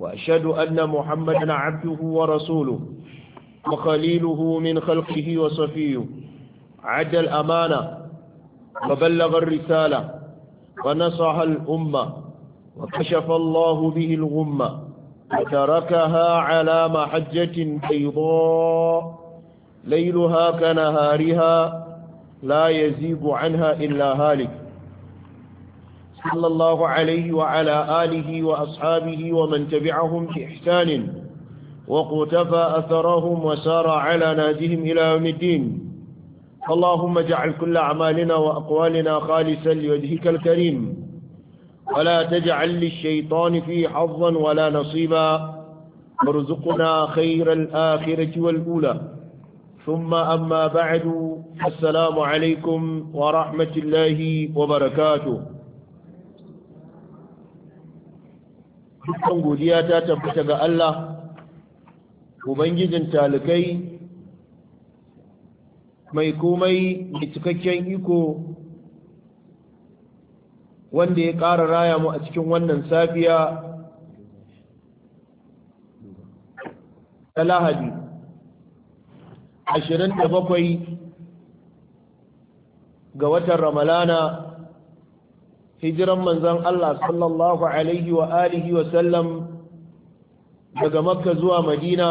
وأشهد أن محمدا عبده ورسوله وخليله من خلقه وصفيه عد الأمانة وبلغ الرسالة ونصح الأمة وكشف الله به الغمة وتركها على محجة بيضاء ليلها كنهارها لا يزيب عنها إلا هالك صلى الله عليه وعلى آله وأصحابه ومن تبعهم بإحسان وقتفى أثرهم وسار على نادهم إلى يوم الدين اللهم اجعل كل أعمالنا وأقوالنا خالصا لوجهك الكريم ولا تجعل للشيطان فيه حظا ولا نصيبا وارزقنا خير الآخرة والأولى ثم أما بعد السلام عليكم ورحمة الله وبركاته dukkan godiya ta tabbata ga Allah ubangijin talikai mai komai mai cikakken iko wanda ya ƙara raya mu a cikin wannan safiya ta lahadi Ashirin da bakwai ga watan ramalana hijiran manzan Allah sallallahu alaihi wa alihi wa sallam daga makka zuwa madina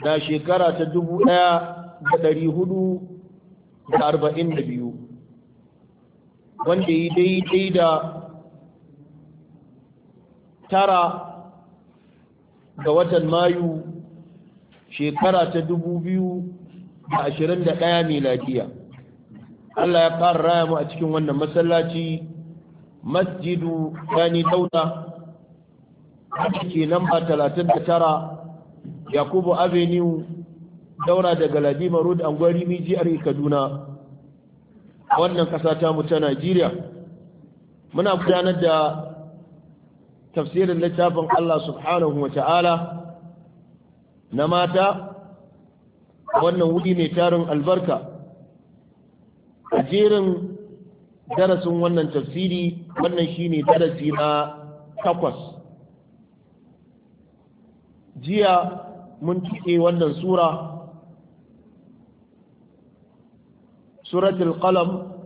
na shekara ta dubu ɗaya da dari hudu da arba'in da biyu wanda yi daidai da tara ga watan mayu shekara ta dubu biyu da ashirin da ɗaya miladiya Allah ya ƙara raya mu a cikin wannan masallaci masjidu bani dauda haka ke lamba tara yakubu avenue daura daga ladima road angwari mijiyar kaduna wannan kasa ta mu ta najeriya muna gudanar da tafsirin littafin allah subhanahu wa ta'ala na mata wannan wuri ne tarin albarka a jerin darasin wannan tafsiri wannan shine darasi na takwas jiya mun tuke wannan sura suratul qalam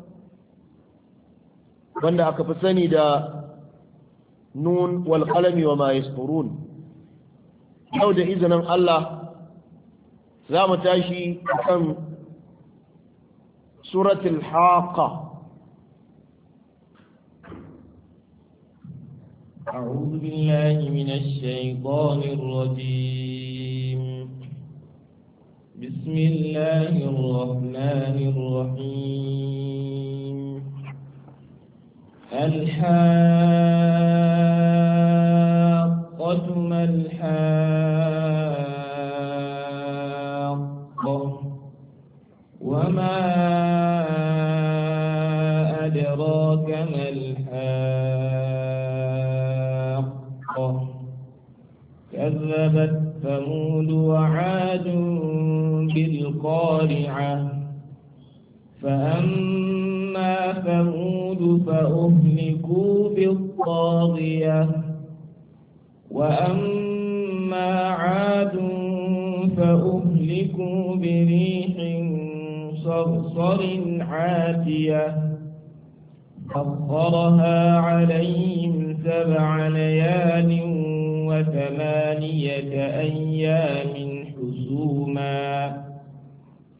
wanda aka fi sani da nun wal qalami wa ma yasturun yau da izinin Allah za mu tashi kan suratul haqa أعوذ بالله من الشيطان الرجيم بسم الله الرحمن الرحيم الحاقة ما الحاقة فأما ثمود فأهلكوا بالطاغية وأما عاد فأهلكوا بريح صرصر عاتية سخرها عليهم سبع ليال وثمانية أيام حسوما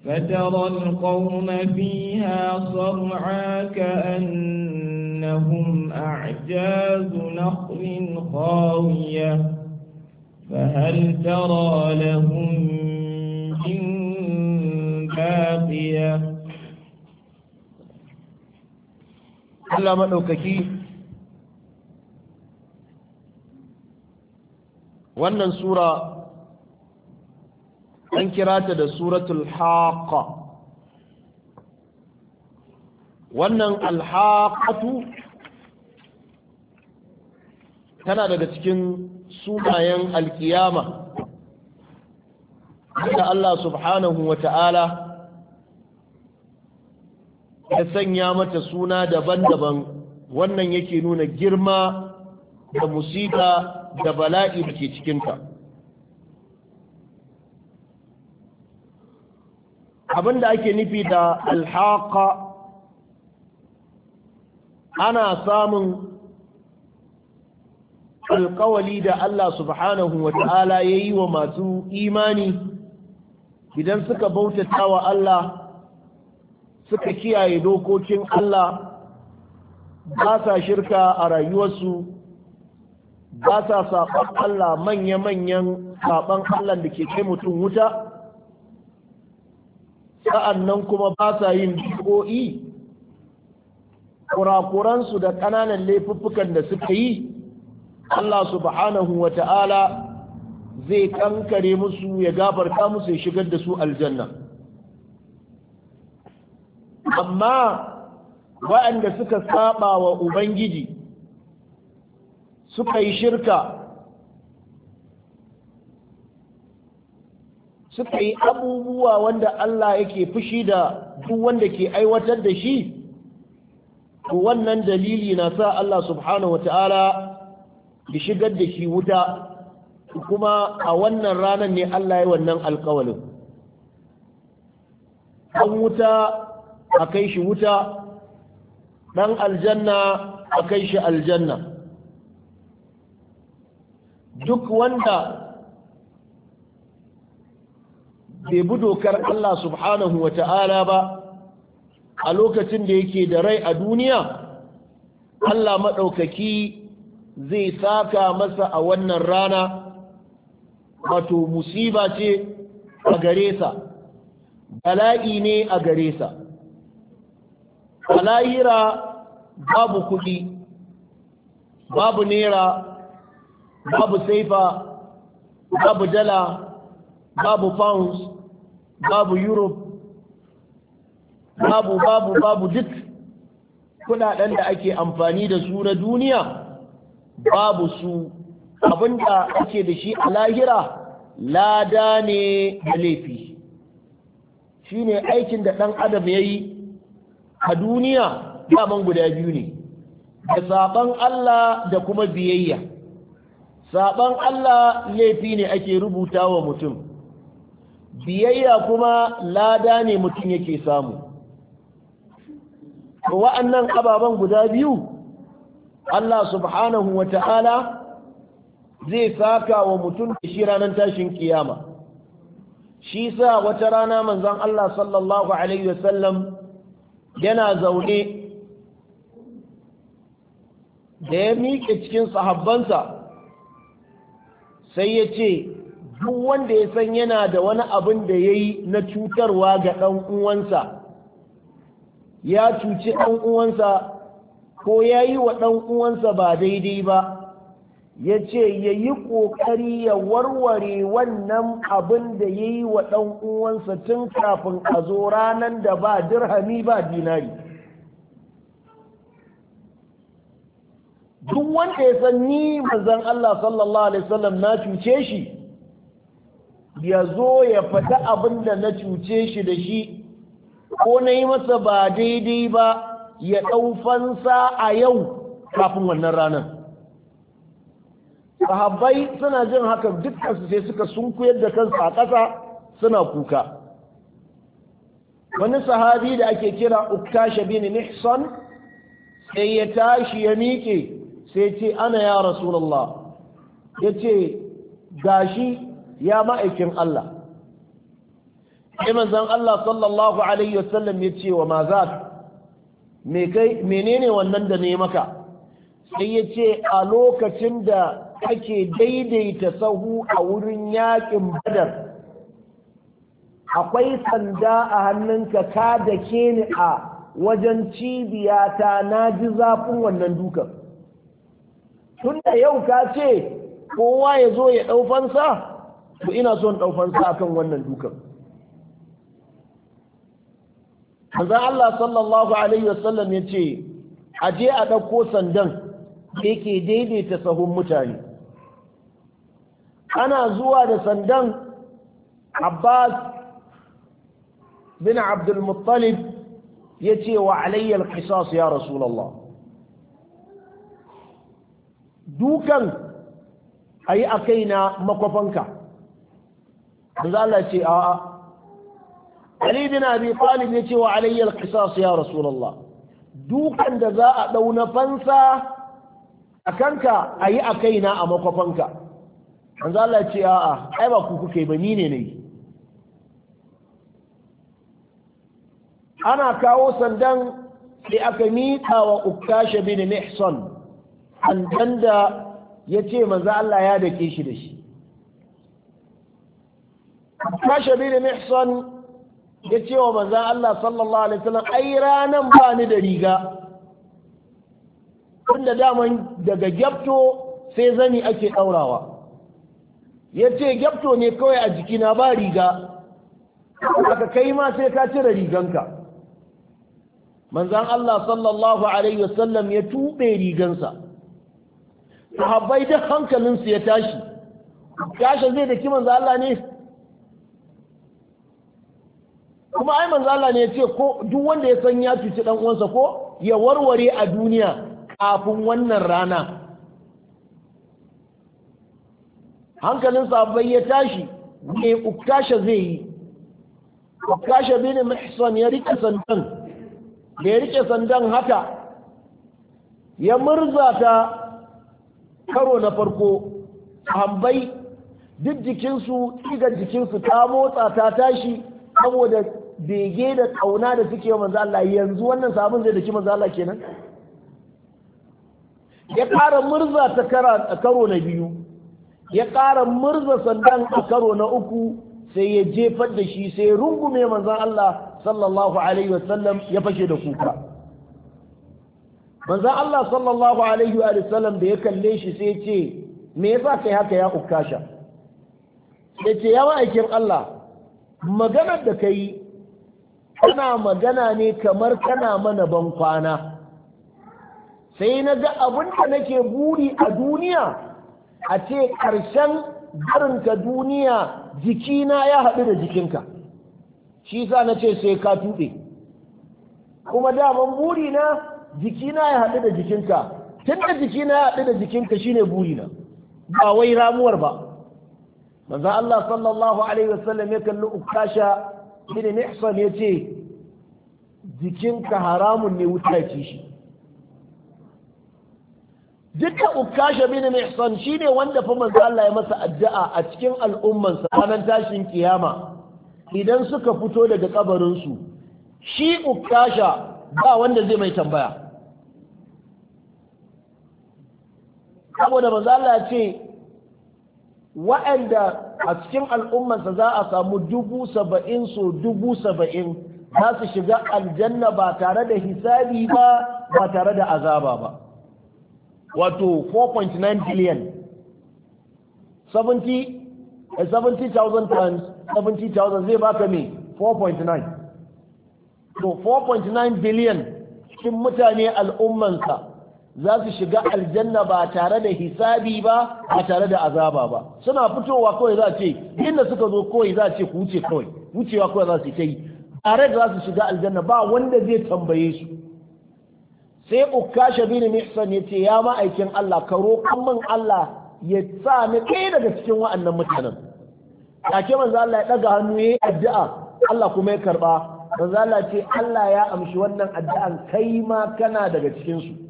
فترى القوم فيها صرعا كأنهم أعجاز نخل خاوية فهل ترى لهم من باقية Allah maɗaukaki وأن سورة an kira ta da suratul haqa wannan alhaqatu tana daga cikin sunayen alkiyama da Allah subhanahu wa ta'ala ya sanya mata suna daban-daban wannan yake nuna girma da musika da bala'i da ke cikinta Abin da ake nufi da alhaka, ana samun alkawali da Allah subhanahu wa ta'ala ya yi wa masu imani idan suka bautata wa Allah suka kiyaye dokokin Allah ba sa shirka a rayuwarsu ba sa saɓon Allah manya-manyan saɓon Allah da ke kai mutum wuta sa'annan kuma ba sa yin bid'o'i kurakuransu da ƙananan laifuffukan da suka yi Allah subhanahu wa ta'ala zai kankare musu ya gafarta musu ya shigar da su aljanna amma waɗanda suka saba wa ubangiji suka yi shirka suka yi abubuwa wanda Allah yake fushi da duk wanda ke aiwatar da shi to wannan dalili na sa Allah subhanahu wata'ala ya shigar da shi wuta kuma a wannan ranar ne Allah ya wannan alkawalin ɗan wuta a kai shi wuta ɗan aljanna a kai shi aljanna duk wanda bai bi dokar Allah subhanahu wa ta'ala ba a lokacin da yake da rai a duniya Allah maɗaukaki zai saka masa a wannan rana wato musiba ce a gare sa bala'i ne a gare sa bala'ira babu kuɗi babu nera babu saifa babu dala babu pounds babu europe babu babu babu duk kudaden da ake amfani da su na duniya babu su abinda ake da shi a lahira lada ne da laifi shine aikin da ɗan adam ya yi a duniya daman guda biyu ne da saban Allah da kuma biyayya saban Allah laifi ne ake rubuta wa mutum biyayya kuma lada ne mutum yake samu wa'annan ababen guda biyu Allah subhanahu wa ta'ala zai saka wa mutum da shi ranar tashin kiyama shi sa wata rana manzon Allah sallallahu alaihi wasallam yana zaune da ya miƙe cikin sahabbansa sai ya ce duk wanda ya san yana da wani abin da ya yi na cutarwa ga ɗan'uwansa ya cuci ɗan uwansa ko ya yi wa ɗan uwansa ba daidai ba ya ce ya yi ƙoƙari ya warware wannan abin da ya yi wa ɗan'uwansa tun kafin a zo ranar da ba dirhami ba dinari duk wanda ya san ni manzon Allah sallallahu alaihi wasallam na cuce shi ya zo ya fata abin da na cuce shi da shi ko na yi masa ba daidai ba ya ɗau fansa a yau kafin wannan ranar sahabbai suna jin hakan su sai suka sun sunkuyar da kansu a ƙasa suna kuka wani sahabi da ake kira uktasha bin nixon sai ya tashi ya miƙe sai ce ana ya rasulallah ya ce gashi ya ma'aikin Allah sai manzon Allah sallallahu alaihi wasallam ya ce wa mazat me kai menene wannan da ne maka sai ya ce a lokacin da ake daidaita sahu a wurin yakin badar akwai sanda a hannunka ka da ke ni a wajen cibiyata na ji zafin wannan dukan tun da yau ka ce kowa ya zo ya ɗaufansa to ina son ɗaufan sa kan wannan dukan manzo Allah sallallahu alaihi wasallam yace a je a ɗauko sandan yake daidaita sahun mutane ana zuwa da sandan Abbas bin abdulmuttalib ya ce wa alayya al ya rasulullah dukan ayi kaina makwafanka manzo Allah ce a'a Ali bin Abi Talib ya ce wa alayya al-qisas ya Rasulullah dukan da za a dau na fansa a kanka ayi a kaina a makwafanka manzo Allah ce a'a ai ba ku kuke ba ni ne ne ana kawo sandan sai aka miƙa wa Ukasha bin Mihsan sandan da ya ce manzo Allah ya dake shi da shi kashabi da mihsan ya ce wa manzan Allah sallallahu alaihi wasallam ai ranan ba ni da riga tunda daman daga gyabto sai zani ake ɗaurawa ya ce gyabto ne kawai a jikina ba riga aka kai ma sai ka cire riganka manzan Allah sallallahu alaihi wasallam ya tube rigansa sahabbai duk hankalinsu ya tashi kashin zai da kiman Allah ne kuma ai manzo Allah ne ya ce ko duk wanda ya san ya cuci dan uwansa ko ya warware a duniya kafin wannan rana hankalin sabai ya tashi me ukasha zai yi ukasha bin muhsan ya rike sandan ya rike sandan haka ya murza ta karo na farko hambai duk jikinsu tsigar jikinsu ta motsa ta tashi saboda bege da kauna da suke manzo Allah yanzu wannan sabon zai daki manzo Allah kenan ya ƙara murza ta karo na biyu ya ƙara murza sandan a karo na uku sai ya jefar da shi sai rungume manzo Allah sallallahu alaihi wasallam ya fashe da kuka manzo Allah sallallahu alaihi wa sallam da ya kalle shi sai ce me yasa kai haka ya ukasha sai ce yawa aikin Allah maganar da ka yi kana magana ne kamar kana mana ban kwana sai na ga abin da nake buri a duniya a ce ƙarshen barinka duniya jikina ya haɗu da jikinka shi sa na ce sai ka tuɗe kuma daman burina jikina ya haɗu da jikinka tun da jikina ya haɗu da jikinka shine burina ba wai ramuwar ba manzo Allah sallallahu alaihi wasallam ya kalli ukasha bin mihsan ce jikinka haramun ne wuta ce shi duka ukasha bin mihsan ne wanda fa manzo Allah ya masa addu'a a cikin al'umman sa ranar tashin kiyama idan suka fito daga kabarin su shi ukasha ba wanda zai mai tambaya saboda manzo Allah ya ce wa'anda a cikin al'ummarsa za a samu dubu saba'in so dubu saba'in za su shiga aljanna ba tare da hisabi ba ba tare da azaba ba wato 4.9 billion 70,000 70, eh, times 70,000 zai baka me 4.9 to 4.9 billion cikin mutane al'ummansa za su shiga aljanna ba tare da hisabi ba ba tare da azaba ba suna fitowa kawai za ce inda suka zo kawai za ce ku wuce kawai wucewa kawai za su yi tare da za su shiga aljanna ba wanda zai tambaye su sai ukasha bin mihsan yace ya ma'aikin Allah ka roƙon min Allah ya sa ni daga cikin wa'annan mutanen take manzo Allah ya daga hannu yayi addu'a Allah kuma ya karba manzo Allah ce Allah ya amshi wannan addu'an kai ma kana daga cikin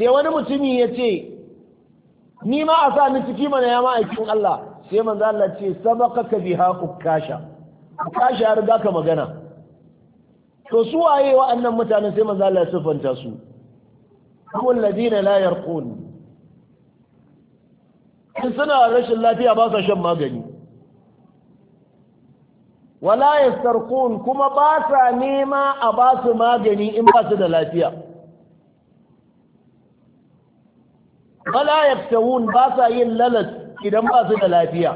sai wani mutumi ya ce ni ma a sa ni ciki mana ya ma'aikin Allah sai manzo Allah ce sabaka ka biha kasha, kasha ya riga ka magana to su waye wa'annan mutane sai manzo Allah ya siffanta su humul ladina la yarqun in suna rashin lafiya ba sa shan magani wala yastarqun kuma ba sa nema a ba su magani in ba su da lafiya bala yaftawun ba sa yin lalat idan ba su da lafiya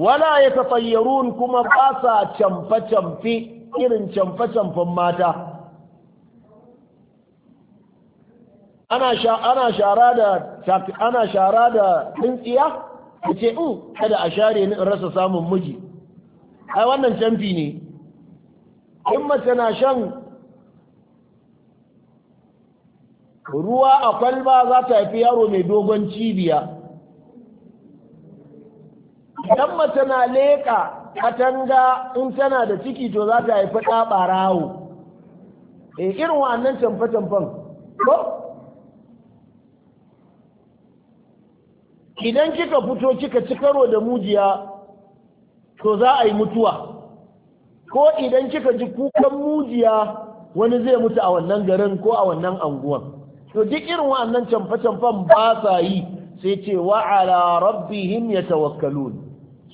wala yatafayyarun kuma ba sa camfa camfi irin camfa camfan mata ana shara da ana shara da tsintsiya ce in mm, kada a share ni in rasa samun miji ai wannan camfi ne in mace na shan ruwa a kwalba za ta haifi yaro mai dogon cibiya idan mace na leƙa katanga in tana da ciki to za ta haifi ɗaɓa rawo e eh, irin nan canfa-canfan, ko idan kika fito kika ci karo da mujiya to za a yi mutuwa ko idan kika ji kukan mujiya wani zai mutu a wannan garin ko a wannan anguwan to duk irin wa'annan canfa-canfan ba sa yi sai ce wa ala rabbihim yatawakkalun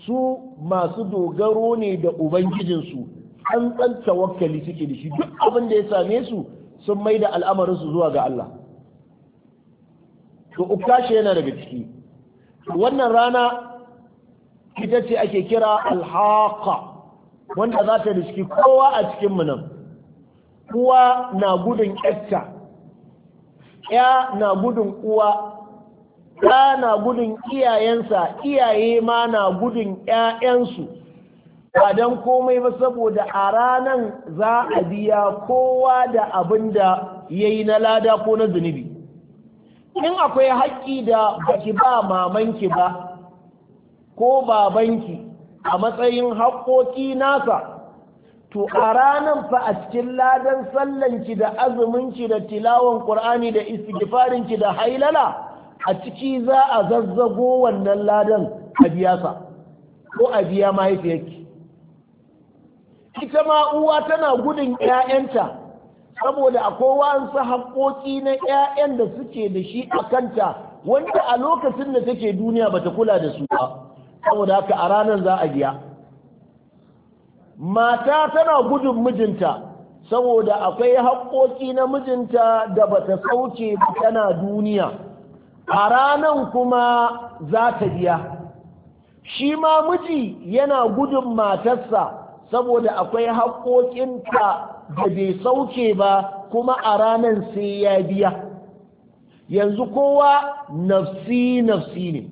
su masu dogaro ne da ubangijinsu an dan tawakkali suke da shi duk abin da ya same su sun mai da al'amarinsu zuwa ga Allah to ukashe yana daga ciki wannan rana ita ce ake kira alhaka wanda za ta ciki, kowa a cikin mu nan kowa na gudun yarta ya na gudun uwa ya na gudun iyayensa iyaye ma na gudun 'ya'yansu ba don komai ba saboda a ranan za a biya kowa da abin da ya yi na lada ko na zunubi in akwai haƙƙi da baki ba mamanki ba ko babanki a matsayin haƙƙoƙi nasa to a ranan fa a cikin ladan sallanci da azuminki da tilawan qur'ani da istighfarinki da hailala a ciki za a zazzago wannan ladan a biya sa ko a biya mahaifiyarki ita ma uwa tana gudun 'ya'yanta saboda akwai wa'ansu haƙoƙi na 'ya'yan da suke da shi a kanta wanda a lokacin da take duniya bata kula da su ba saboda haka a ranar za a biya mata tana gudun mijinta saboda akwai haƙoƙi na mijinta da bata sauke ba tana duniya a ranan kuma za ta biya shi ma miji yana gudun matarsa saboda akwai haƙoƙinta da bai sauke ba kuma a ranan sai ya biya yanzu kowa nafsi nafsi ne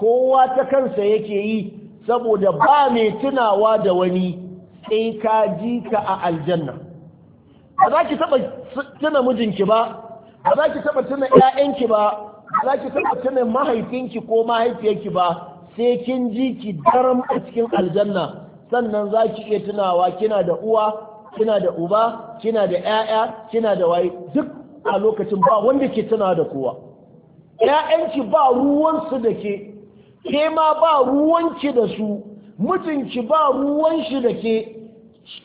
kowa ta kansa yake yi saboda ba mai tunawa da wani sai ka ji ka a aljanna ba za ki taba tuna mijinki ba ba za ki taba tuna ƴaƴanki ba ba za ki taba tuna mahaifinki ko mahaifiyarki ba sai kin ji ki daram a cikin aljanna sannan za ki iya tunawa kina da uwa kina da uba kina da ƴaƴa kina da waye duk a lokacin ba wanda ke tuna da kowa ƴaƴanki ba ruwansu da ke ke ma ba ruwanki da su Mutunci ba ruwan shi da ke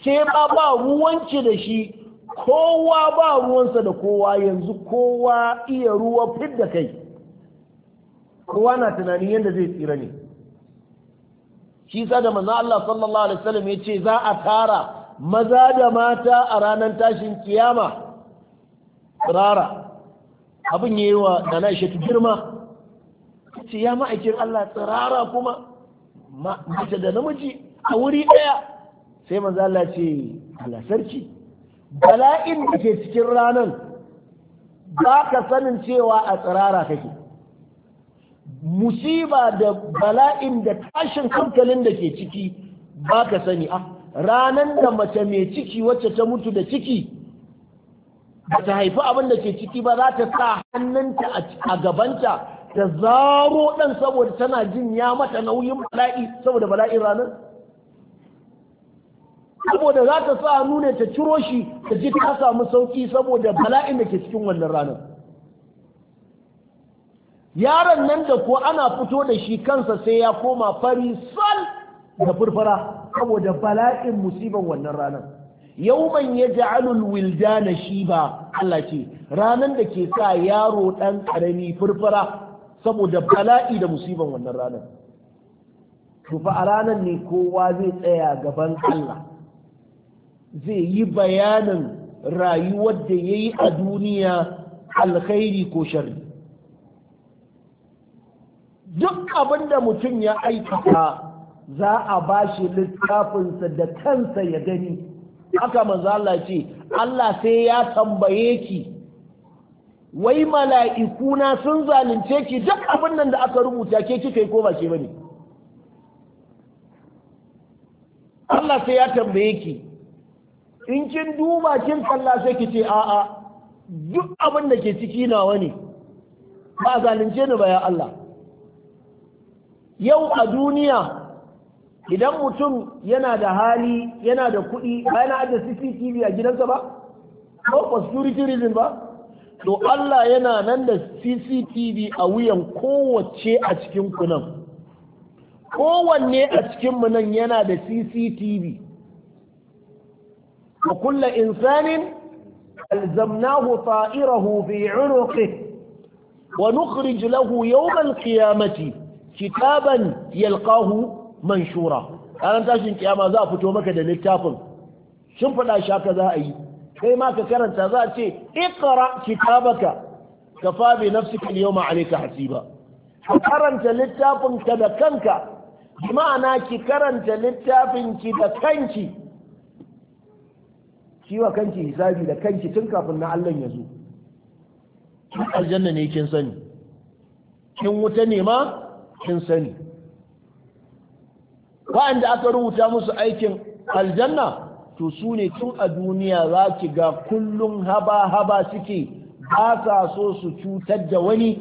ke ba ba ruwanki da shi kowa ba ruwansa da kowa yanzu kowa iya ruwa fit da kai kowa na tunanin yadda zai tsira ne shi sa da manzo Allah sallallahu alaihi wasallam yace za a tara maza da mata a ranar tashin kiyama tsirara abin yi wa nana shi girma ce ya ma'aikin Allah tsirara kuma mace da namiji a wuri ɗaya sai manzo Allah ce Allah bala'in da ke cikin ranan ba ka sanin cewa a tsirara kake musiba da bala'in da tashin hankalin da ke ciki ba ka sani a ah, ranan da mace mai ciki wacce ta mutu da ciki ba ta haifi abin da ke ciki ba za ta sa hannunta a gabanta ta zaro ɗan saboda tana jin ya mata nauyin bala'i saboda bala'in ranar saboda za ta sa nuna ta ciro shi ta ji ta samu sauki saboda bala'in da ke cikin wannan ranar yaron nan da ko ana fito da shi kansa sai ya koma fari sal da furfura saboda bala'in musibar wannan ranar yauman ya ji wilda na shi ba Allah ce ranar da ke sa yaro ɗan ƙarami furfura saboda bala'i da musiban wannan ranar to fa a ranar ne kowa zai tsaya gaban Allah zai yi bayanin rayuwar da ya yi a duniya alkhairi ko shari duk abin da mutum ya aikata za a ba shi littafinsa da kansa ya gani haka manzo Allah ce Allah sai ya tambaye ki wai mala'iku na sun zalunce ki duk abin nan da aka rubuta ke kika yi ko ba ke bane Allah sai ya tambaye ki in kin duba kin kalla sai ki ce a'a duk abin da ke ciki nawa ne ba zalunce ni ba ya Allah yau a duniya idan mutum yana da hali yana da kuɗi ba yana ajiye CCTV a gidansa ba ko for security reason ba to Allah yana nan da CCTV a wuyan kowace a cikin kunan kowanne a cikin nan yana da CCTV wa kulla insanin alzamnahu ta'irahu fi 'unuqihi wa nukhrij lahu yawm al kitaban yalqahu manshura ranar tashin kiyama za a fito maka da littafin shin fada shaka za a yi kai ma ka karanta za a ce iqra kitabaka kafa bi nafsika al-yawma alayka hasiba ka karanta littafin ka da kanka ma'ana ki karanta littafin ki da kanki shi wa kanki hisabi da kanki tun kafin na Allah ya zo kin aljanna ne kin sani kin wuta ne ma kin sani wa'anda aka rubuta musu aikin aljanna to su ne tun a duniya za ki ga kullum haba-haba suke ba sa so su cutar da wani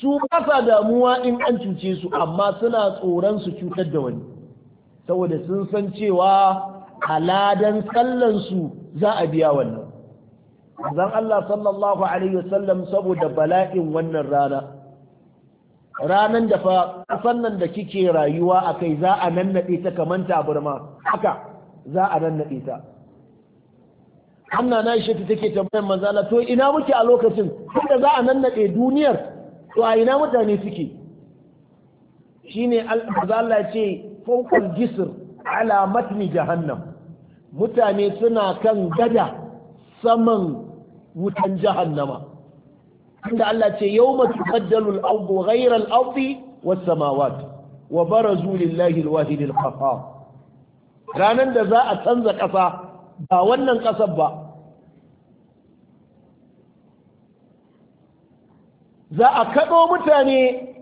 su ba sa damuwa in an cuce su amma suna tsoron su cutar da wani saboda sun san cewa ladan tsallansu za a biya wannan zan Allah sallallahu alaihi wasallam saboda bala'in wannan rana ranan da fa sannan nan da kike rayuwa akai za a nannaɗe ta kamanta burma haka za a nannaɗe ta Hanna na shi take tambayar manzo to ina muke a lokacin da za a nannaɗe duniyar to a ina mutane suke shine manzo Allah ce fawqal jisr ala matni jahannam mutane suna kan gada saman wutan jahannama inda Allah ce yawma tubaddalu al-ardu ghayra al-ardi was samawati wa barazu lillahi al-wahid ranar da za a canza ƙasa ba wannan ƙasar ba za a kaɗo mutane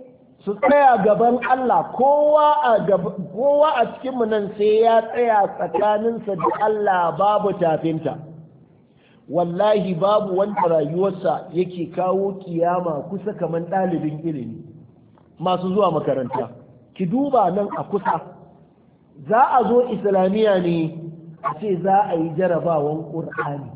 su tsaya gaban Allah kowa a cikinmu nan sai ya tsaya tsakaninsa da Allah babu tafinta wallahi babu wanda rayuwarsa yake kawo kiyama kusa kamar ɗalibin ilimi masu zuwa makaranta ki duba nan a kusa za a zo islamiyya ne a ce za a yi jarabawan ƙur'ani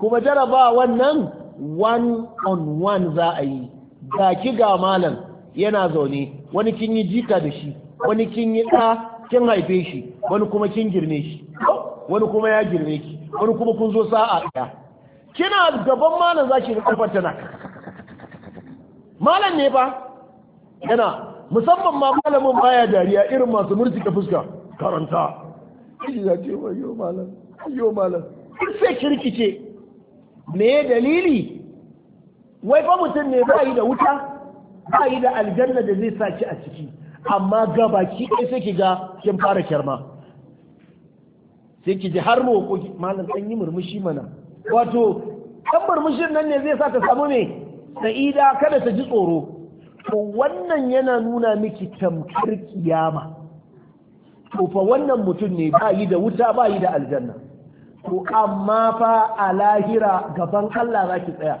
kuma jarabawan nan one on one za a yi ga ki ga malam yana zaune wani kin yi jika da shi wani kin yi ɗa kin haife shi wani kuma kin girme shi wani kuma ya girme ki wani kuma kun zo sa'a ɗaya kina gaban malam za ki ƙafar tana malam ne ba yana musamman ma malamin baya dariya irin masu ka fuska karanta shi za ce wayo malam wayo malam sai kirkice me dalili wai fa mutum ne ba yi da wuta ba yi da aljanna da zai saki a ciki amma ga baki ɗaya sai ki ga kin fara kyarma sai ki ji har ko malam ɗan yi murmushi mana wato ɗan murmushin nan ne zai sa ta samu me sa'ida kada ta ji tsoro to wannan yana nuna miki tamkar kiyama to fa wannan mutum ne ba yi da wuta ba yi da aljanna to amma fa a lahira gaban Allah za ki tsaya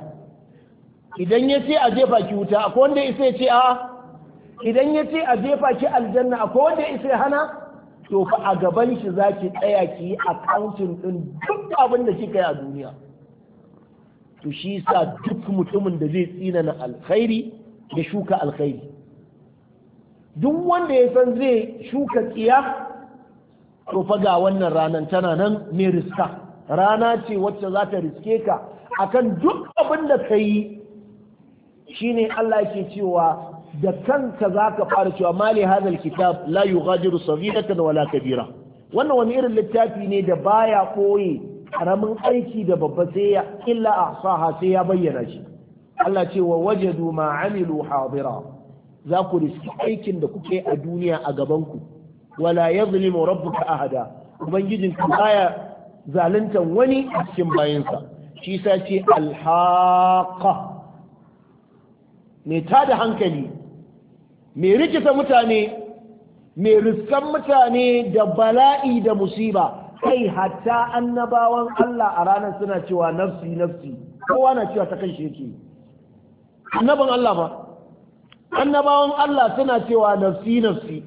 idan ya ce a jefa ki wuta akwai wanda isa ya ce a idan ya ce a jefa ki aljanna akwai wanda isa ya hana to fa a gaban shi za ki tsaya ki yi accounting din duk abin da kika yi a duniya to shi sa duk mutumin da zai tsina na alkhairi Da shuka alkhairi duk wanda ya san zai shuka tsiya to ga wannan ranar tana nan mai riska rana ce wacce za ta riske ka akan duk abin da ka yi shine Allah ke cewa da kanka za ka fara cewa mali hadal kitab la yughadiru saghiratan wala kabira wannan wani irin littafi ne da baya koyi karamin aiki da babba sai ya illa ahsaha sai ya bayyana shi Allah ce wa wajadu ma amilu hadira za ku riski aikin da kuke a duniya a gaban ku wala yazlimu rabbuka ahada ubangijin ka baya zaluntan wani a cikin bayansa shi sa ce alhaqa ta da hankali me rikita mutane me riskan mutane da bala'i da musiba kai hatta annabawan Allah a ranar suna cewa nafsi nafsi kowa na cewa ta kan shi yake annaban Allah ba annabawan Allah suna cewa nafsi nafsi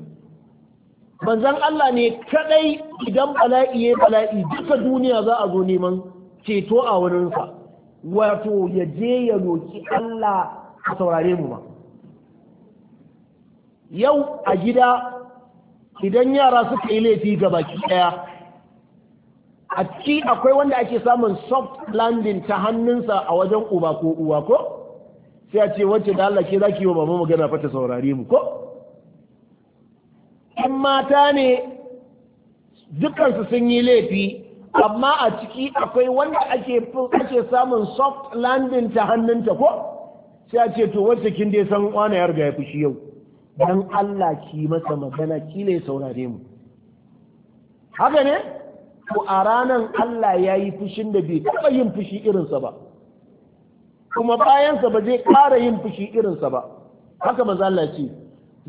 manzan Allah ne kadai idan bala'i ya bala'i duka duniya za a zo neman ceto a wurinsa wato ya je ya roki Allah a saurare mu ba yau a gida idan yara suka yi laifi ga baki daya a ciki akwai wanda ake samun soft landing ta hannunsa a wajen uba ko uwa ko sai a ce wacce da Allah ke zaki yi wa mama magana fata saurare mu ko in mata ne dukansu sun yi laifi amma a ciki akwai wanda ake ake samun soft landing ta hannunta ko sai a ce to wacce kin dai san wani ya riga ya fushi yau dan Allah ki masa magana ki ne saurare mu haka ne Ko a ranan Allah ya yi fushin da bai taɓa yin fushi irinsa ba kuma bayansa ba zai ƙara yin fushi irinsa ba haka manzo Allah ce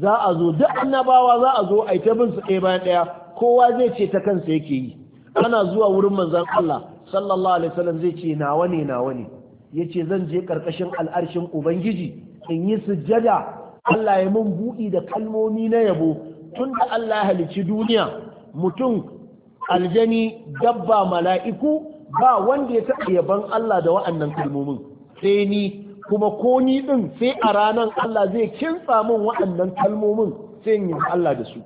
za a zo duk annabawa za a zo a yi ta bin su ɗaya bayan ɗaya kowa zai ce ta kansa yake yi ana zuwa wurin manzon Allah sallallahu alaihi wasallam zai ce nawa ne nawa ne yace zan je karkashin al'arshin ubangiji in yi sujjada Allah ya mun buɗi da kalmomi na yabo tun Allah ya halicci duniya mutum aljani dabba mala'iku ba wanda ya taɓa yabon Allah da wa'annan kalmomin sai ni kuma ko ni din sai a ranar Allah zai kinsa min waɗannan kalmomin sai in Allah da su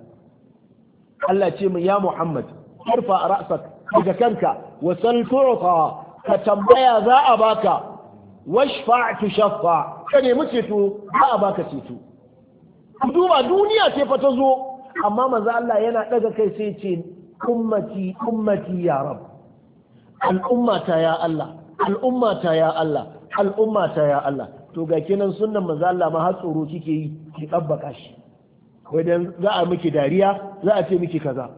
Allah ce min ya Muhammad a ra'sak daga kanka wa sal ka tambaya za a baka washfa tushaffa ka nemi ceto za a baka ceto duba duniya ce fa ta zo amma manzo Allah yana daga kai sai ce ummati ummati ya rab ya Allah al'ummata ya Allah al'umma ta ya Allah to ga kenan sunnan manzo Allah ma har tsoro kike yi ki dabbaka shi wajen za a miki dariya za a ce miki kaza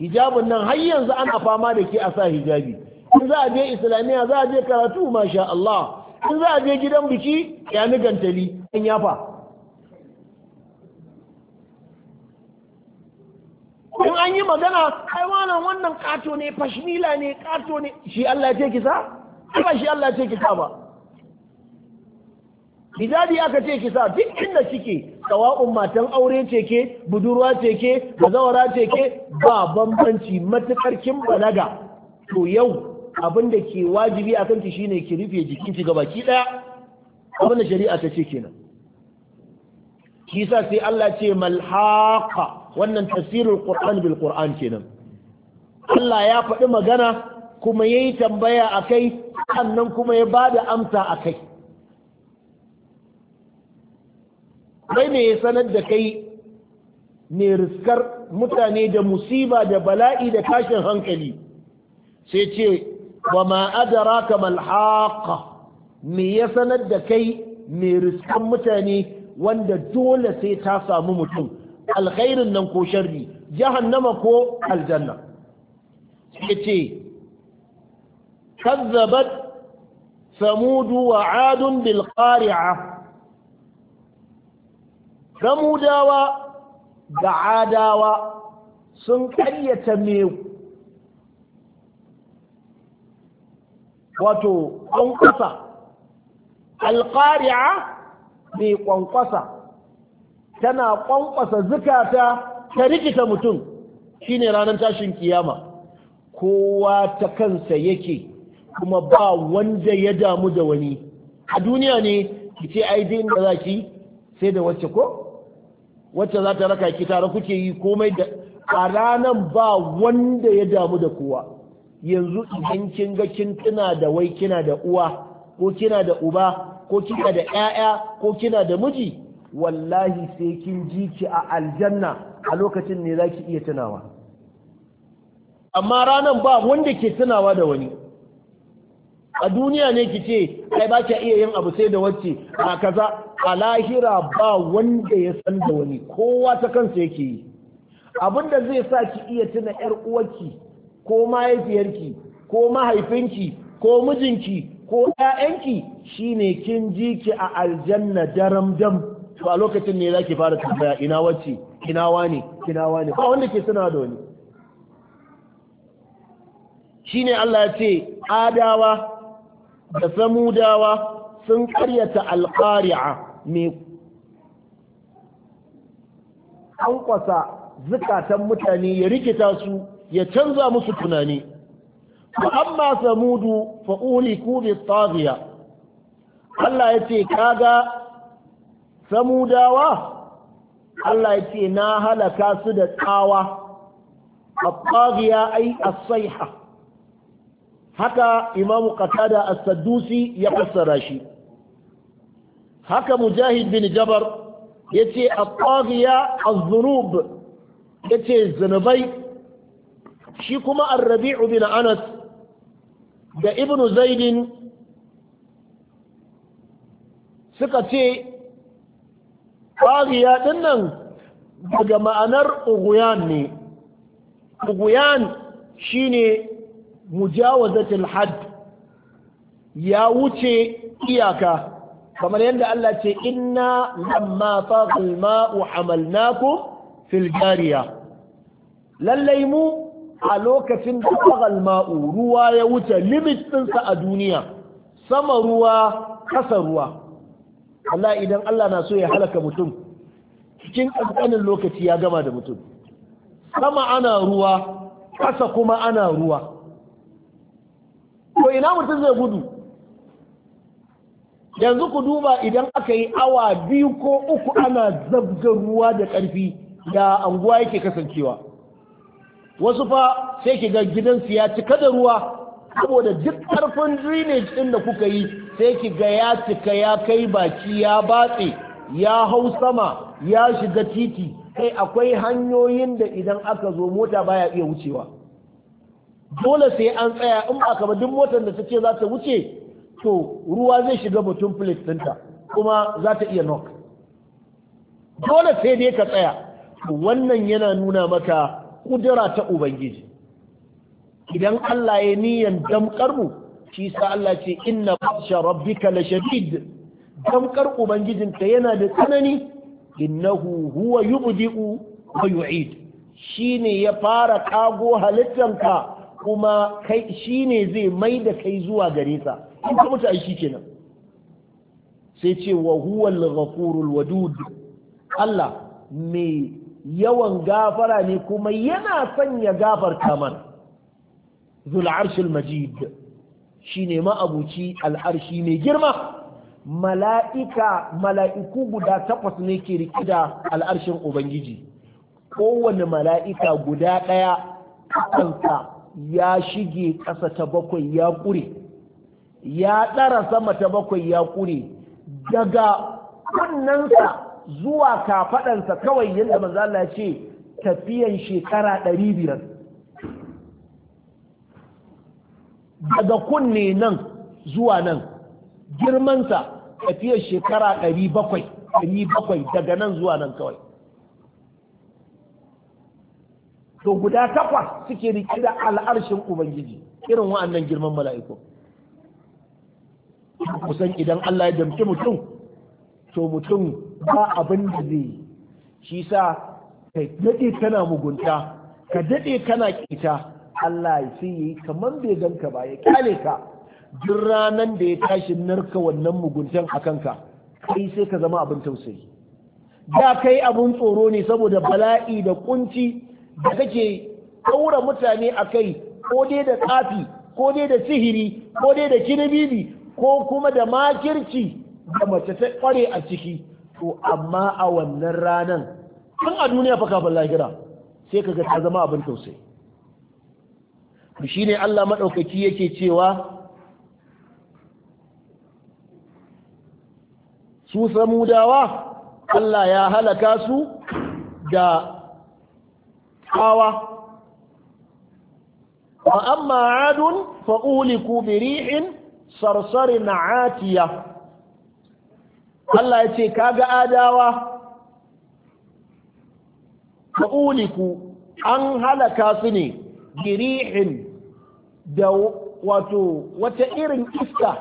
hijabun nan har yanzu ana fama da ke a sa hijabi in za a je islamiya za a je karatu masha Allah in za a je gidan biki ya ni gantali an yafa in an yi magana ai wannan wannan kato ne fashmila ne kato ne shi Allah ya ce kisa ba shi Allah ce ki sa bizadi aka ce ki sa duk inda kike sawa'un matan aure ce ke budurwa ce ke zawara ce ke ba bambanci matukar kin balaga to yau abin da ke wajibi a kanki shine ki rufe jikin ki gabaki daya abin da shari'a ta ce kenan kisa sai Allah ce malhaqa wannan tafsirul qur'an bil qur'an kenan Allah ya faɗi magana kuma ya yi tambaya a kai sannan kuma ya ba da amsa a kai mai ne ya sanar da kai ne riskar mutane da musiba da bala'i da tashin hankali sai ce wa ma'adara kamar haka me ya sanar da kai mai riskan mutane wanda dole sai ta samu mutum alkhairin nan ko sharri jahannama ko aljanna sai ce kazzabat samudu wa adun bil qari'a da adawa sun ƙayyata me wato kwankwasa alƙari'a mai ƙwanƙwasa tana kwankwasa zukata ta rikita mutum shine ranar tashin kiyama kowa ta kansa yake kuma ba wanda ya damu da wani a duniya ne ki ce ai dai da zaki sai da wacce ko wacce za ta raka ki tare kuke yi komai da a ranan ba wanda ya damu da kowa yanzu idan kin ga kin tuna da wai kina da uwa ko kina da uba ko kina da ƴaƴa ko kina da miji wallahi sai kin ji ki a aljanna a lokacin ne zaki iya tunawa amma ranan ba wanda ke tunawa da wani a duniya ne ki ce kai ba ki iya yin abu sai da wacce a kaza a lahira ba wanda ya san da wani kowa ta kansa yake yi abin da zai sa ki iya tuna yar uwarki ko mahaifiyarki ko mahaifinki ko mijinki ko ƴaƴanki shine kin ji ki a aljanna daram dam to a lokacin ne zaki fara tambaya ina wacce ina wane ina wane ba wanda ke suna da wani shine Allah ya ce adawa da samudawa sun karyata alƙari'a mai hankwasa zukatan mutane ya rikita su ya canza musu tunani fa amma samudu fa ku bi allah Allah yace kaga samudawa Allah yace na halaka su da tsawa a ai ai as-sayha haka imamu qatada as-saddusi ya fassara shi haka mujahid bin jabar yace at-taghiya az-zunub yace zunubai shi kuma ar-rabi'u bin anas da ibnu zaidin suka ce taghiya dinnan daga ma'anar uguyan ne uguyan shine mujawazatul tilhad ya wuce iyaka kamar yadda Allah ce inna lamma faqal ma'u hamalnakum fil jariya lallai mu a lokacin da faqal ma'u ruwa ya wuce limit ɗinsa a duniya sama ruwa kasa ruwa Allah idan Allah na so ya halaka mutum cikin ƙanƙanin lokaci ya gama da mutum sama ana ruwa kasa kuma ana ruwa to ina mutum zai gudu yanzu ku duba idan aka yi awa biyu ko uku ana zabgar ruwa da ƙarfi da anguwa yake kasancewa wasu fa sai ki ga gidansu ya cika da ruwa saboda duk ƙarfin drainage ɗin da kuka yi sai ki ga ya cika ya kai baki ya batse ya hau sama ya shiga titi kai akwai hanyoyin da idan aka zo mota baya iya wucewa dole sai an tsaya in ba ka duk motar da ta za ta wuce to ruwa zai shiga mutum plate ɗinta kuma za ta iya knock dole sai dai ka tsaya wannan yana nuna maka kudura ta ubangiji idan Allah ya niyan damkar mu shi sa Allah ce inna fasha rabbika la shadid damkar Ubangijinta yana da tsanani innahu huwa yubdi'u wa yu'id shine ya fara kago halittanka kuma kai shi ne zai mai da kai zuwa gare sa in ka mutu aiki kenan sai ce wa huwal ghafurul wadud Allah mai yawan gafara ne kuma yana sanya ya gafarta mana zul arshil majid shine ma'abuci al'arshi mai girma mala'ika mala'iku guda takwas ne ke rike da al'arshin ubangiji kowane mala'ika guda ɗaya kansa ya shige ƙasa ta bakwai ya ƙure ya ɗara sama ta bakwai ya ƙure daga kunnensa zuwa kafaɗansa kawai yadda maza Allah ce tafiyan shekara ɗari biyar daga kunne nan zuwa nan girmansa tafiyar shekara ɗari bakwai ɗari bakwai daga nan zuwa nan kawai to guda takwas suke riƙe da al'arshin ubangiji irin wa'annan girman mala'iku kusan idan Allah ya jamci mutum to mutum ba abin da zai shi sa kai daɗe kana mugunta ka daɗe kana kita Allah ya sai yi kamar bai ganka ba ya kyale ka duk ranan da ya tashi narka wannan muguntan a kanka kai sai ka zama abin tausayi da kai abin tsoro ne saboda bala'i da kunci da kake ɗaura mutane a kai ko dai da tsafi ko dai da sihiri ko dai da kinibibi ko kuma da makirci da mace ta kware a ciki to amma a wannan ranan tun a duniya fa kafin lahira sai ka ta zama abin tausayi shi ne Allah maɗaukaki yake cewa su samudawa Allah ya halaka su da hawa wa amma adun fa'uliku biri'in sarsarin atiya Allah ya ce kaga adawa fa'uliku an halaka su ne rihin da wato wata irin iska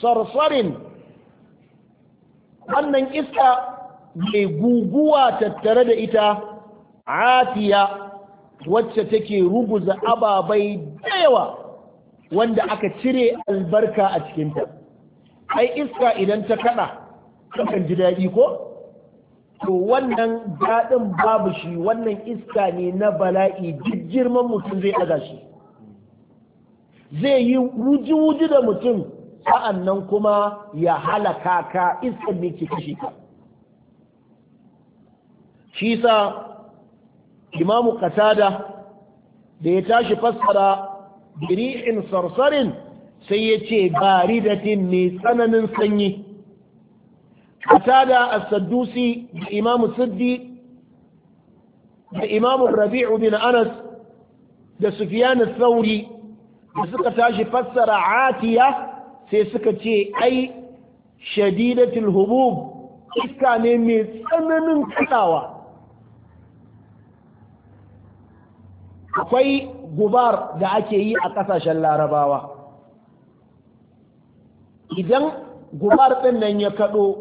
sarsarin wannan iska mai guguwa tattare da ita afiya wacce take rubuza ababai da wanda aka cire albarka a cikinta ai iska idan ta kada kan ji daɗi ko to wannan daɗin babu shi wannan iska ne na bala'i duk mutum zai ɗaga shi zai yi wuji-wuji da mutum sa'an nan kuma ya halaka ka iskan ne ke kashe ka shi sa إمام قتادة بيتاش فسرة بريح صرصر سيتي باردة من سنة قتادة السدوسي بإمام السدي بإمام الربيع بن أنس بسفيان الثوري بسكتاش فسر عاتية سيسكتي أي شديدة الهبوب إسكاني من سنة من كتاوة akwai gubar da ake yi a ƙasashen larabawa idan gubar ɗin nan ya kaɗo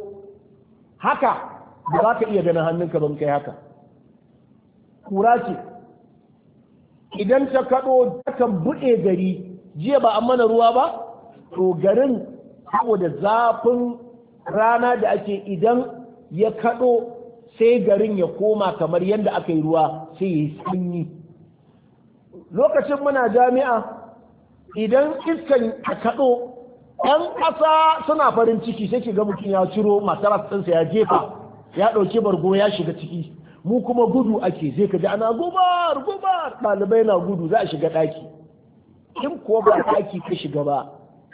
haka ba za ka iya ganin hannunka ban kai haka kura ce idan ta kaɗo takan buɗe gari jiya ba a mana ruwa ba to garin saboda zafin rana da ake idan ya kaɗo sai garin ya koma kamar yadda aka yi ruwa sai ya yi sanyi lokacin muna jami'a idan iskan ta kaɗo ‘yan ƙasa suna farin ciki sai ki ga mutum ya ciro masu ɗinsa ya jefa ya ɗauki bargo ya shiga ciki mu kuma gudu ake zai ka ji ana gubar gubar ɗalibai na gudu za a shiga ɗaki in kuwa ba ɗaki ka shiga ba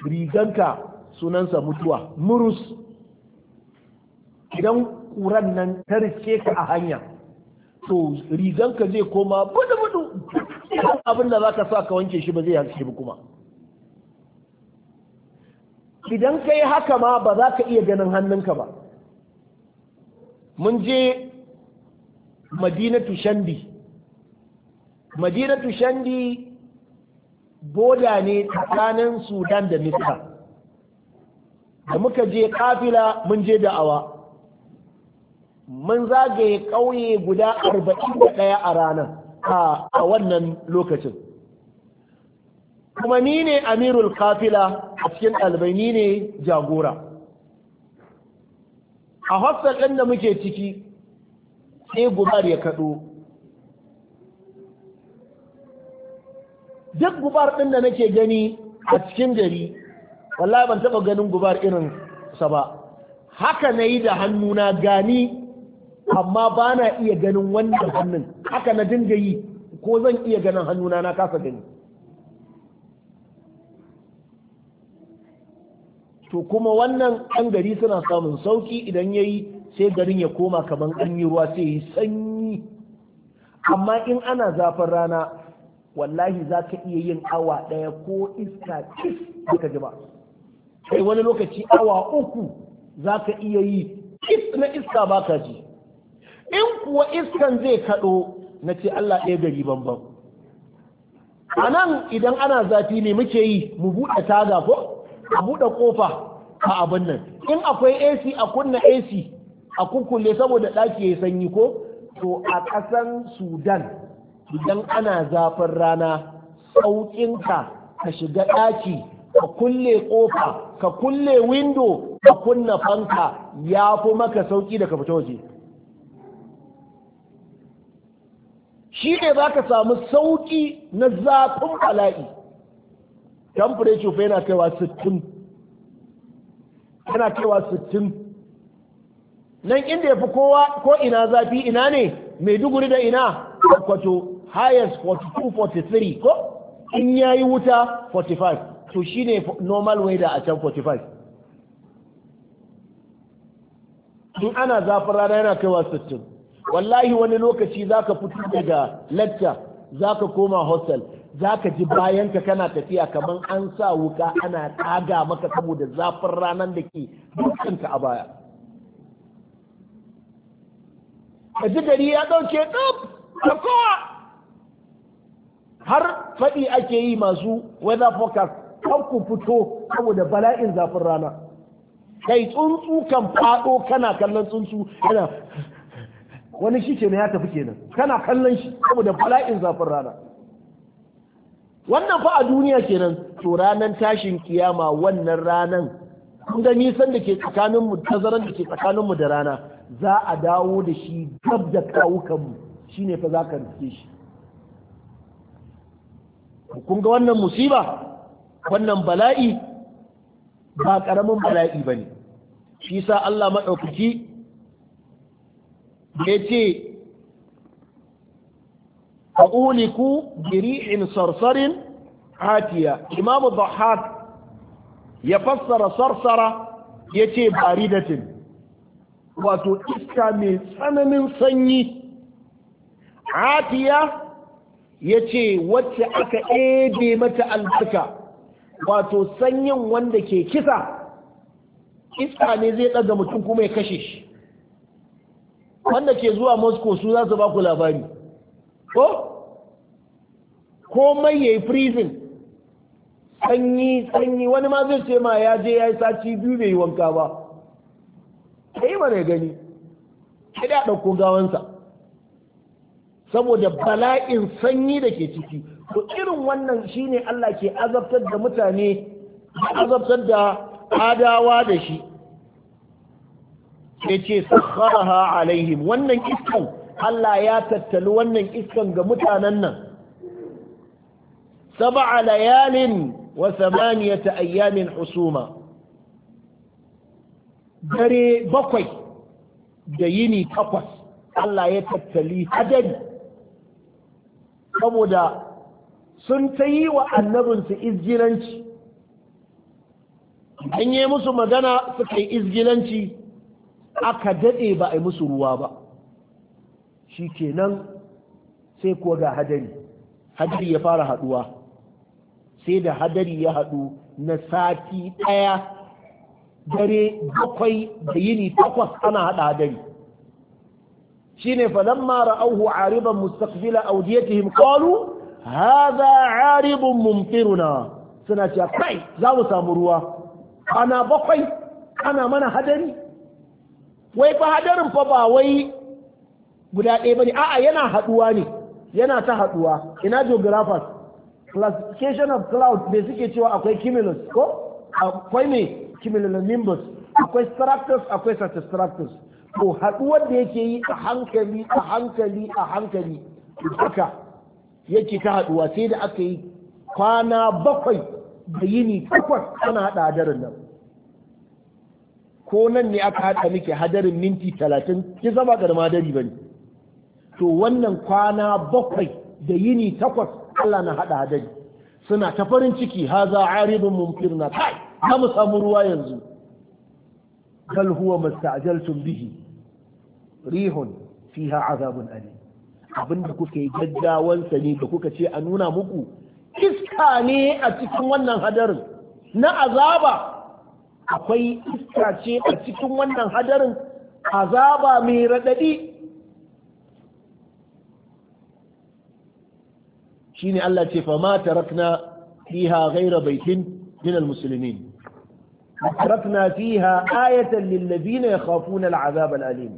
riganka sunansa mutuwa murus idan ƙuran nan ta rike ka a hanya to riganka zai koma budu idan abin da za ka sa ka wanke shi ba zai haske ba kuma idan ka yi haka ma ba za ka iya ganin hannunka ba mun je madinatu shandi madinatu shandi boda ne tsakanin sudan da misra da muka je kafila mun je awa mun zagaye ƙauye guda arba'in da ɗaya a ranar a wannan lokacin kuma ni ne amirul kafila a cikin ɗalibai ni ne jagora a hostel ɗin da muke ciki sai gubar ya kaɗo duk gubar ɗin da nake gani a cikin gari wallahi ban taɓa ganin gubar irin sa ba haka na yi da hannuna gani amma ba na iya ganin wannan hannun haka na dinga yi ko zan iya ganin hannuna na kasa gani to kuma wannan ɗan gari suna samun sauki idan ya yi sai garin ya koma kamar an yi ruwa sai yi sanyi amma in ana zafin rana wallahi za ka iya yin awa ɗaya ko iska kis baka ji ba sai wani lokaci awa uku za ka iya yi kis na iska baka ji in kuwa iskan zai kaɗo na ce Allah ɗaya gari bambam. a nan idan ana zafi ne muke yi mu buɗe taga ko a buɗe ƙofa a abin nan in akwai AC a kunna AC a kukkule saboda ɗaki ya sanyi ko to a ƙasan Sudan idan ana zafin rana sauƙinka ka shiga ɗaki ka kulle ƙofa ka kulle windo ka kunna fanka ya fi maka sauƙi da ka fita waje shi ne za ka samu sauƙi na zafin bala'i temperature fa yana kaiwa 60 yana kaiwa 60 nan inda ya fi kowa ko ina zafi ina ne duguri da ina kwato highest 42-43 ko in ya yi wuta 45 to shi ne normal weather a can 45 in ana zafin rana yana kaiwa 60 wallahi wani lokaci za zaka fito daga lecture ka koma hostel za ka ji bayan ka kana tafiya kamar an sa wuka ana tsaga maka saboda zafin ranar da ke dukanka a baya ka ji gari ya ɗauke ɗaf a kowa har faɗi ake yi masu weather forecast kan ku fito saboda bala'in zafin rana kai tsuntsu kan faɗo kana kallon tsuntsu yana wani shi ke ya tafi kenan kana kallon shi saboda bala'in zafin rana wannan fa a duniya kenan to ranan tashin kiyama wannan ranan kun ga nisan da ke tsakanin mu tazaran da ke tsakanin mu da rana za a dawo da shi gab da kawukan mu shine fa zaka rike shi kun ga wannan musiba wannan bala'i ba karamin bala'i bane shi sa Allah madaukaki yace ce fa'uliku biri'in sarsarin hatiya imamu dhahak ya fassara sarsara ya ce baridatin wato iska mai tsananin sanyi hatiya ya ce wacce aka ebe mata albarka wato sanyin wanda ke kisa iska ne zai ɗaga mutum kuma ya kashe shi wanda ke zuwa moscow su za su ba ku labari ko komai ya yi prison sanyi sanyi wani ma zai ce ma ya je ya yi sati biyu bai yi wanka ba ta yi mana gani sai da ɗauko gawansa saboda bala'in sanyi da ke ciki ko irin wannan shine Allah ke azabtar da mutane azabtar da adawa da shi ya ce sakharaha alaihim wannan iskan Allah ya tattali wannan iskan ga mutanen nan sab'a layalin wa samaniyata ayyamin husuma dare bakwai da yini takwas Allah ya tattali hadari saboda sun ta yi wa annabinsu izgilanci an yi musu magana suka yi izgilanci aka daɗe ba a yi musu ruwa ba shi kenan sai kuwa ga hadari hadari ya fara haduwa. sai da hadari ya hadu na sati ɗaya dare bakwai da yini takwas ana hada hadari Shi ne shine auhu auhu 'ariban mustaqbila awdiyatihim qalu hadha 'aribun mumtiruna suna cewa kai za mu samu ruwa ana bakwai ana mana hadari wai fa hadarin fa ba wai guda ɗaya bane a'a yana haɗuwa ne yana ta haɗuwa ina geographers classification of cloud me suke cewa akwai cumulus ko akwai me cumulonimbus akwai stratus akwai structures to haduwar da yake yi a hankali a hankali a hankali duka yake ta haɗuwa sai da aka yi kwana bakwai da yini takwas ana hada hadarin nan ko nan ne aka haɗa miki hadarin minti talatin ki zama garma dari bane to wannan kwana bakwai da yini takwas Allah na haɗa hadari suna ta farin ciki Ha za a haza mumfir na kai za mu samu ruwa yanzu Kal huwa masta'jaltum bihi rihun fiha azabun ali abinda kuka yi gaggawan ne da kuka ce a nuna muku iska ne a cikin wannan hadarin na azaba akwai iska ce a cikin wannan hadarin azaba mai raɗaɗi shine Allah ce fama tarakna fiha ghaira baitin min almuslimin tarakna fiha ayatan lil ladina yakhafuna al'azab al'alim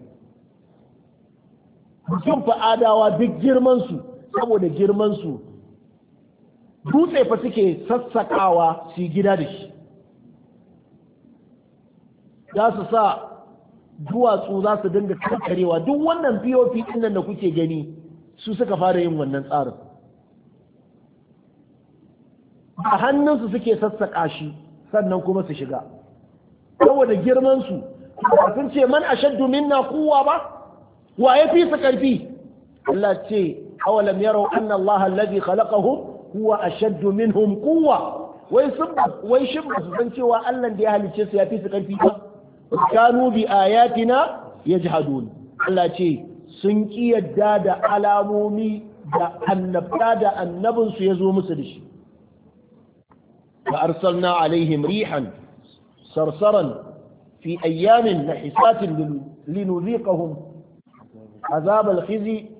kun fa adawa duk girmansu saboda girman su dutse fa suke sassakawa su gida da shi za su sa duwatsu za su dinga kankarewa duk wannan pop din nan da kuke gani su suka fara yin wannan tsarin a hannunsu suke sassaƙa shi sannan kuma su shiga saboda girmansu sun ce man ashaddu minna kuwa ba wa ya fi su ƙarfi Allah ce awalam yarau anna Allah alladhi khalaqahum huwa ashaddu minhum quwwa wai sun wai shin ba su san cewa Allah da ya halicce su ya fi su ƙarfi ba kanu bi ayatina yajhadun Allah ce sun ki yadda da alamomi da annabta da annabin su yazo musu da shi fa arsalna alaihim rihan sarsaran fi ayyamin nahisatin linuziqahum azab al-khizi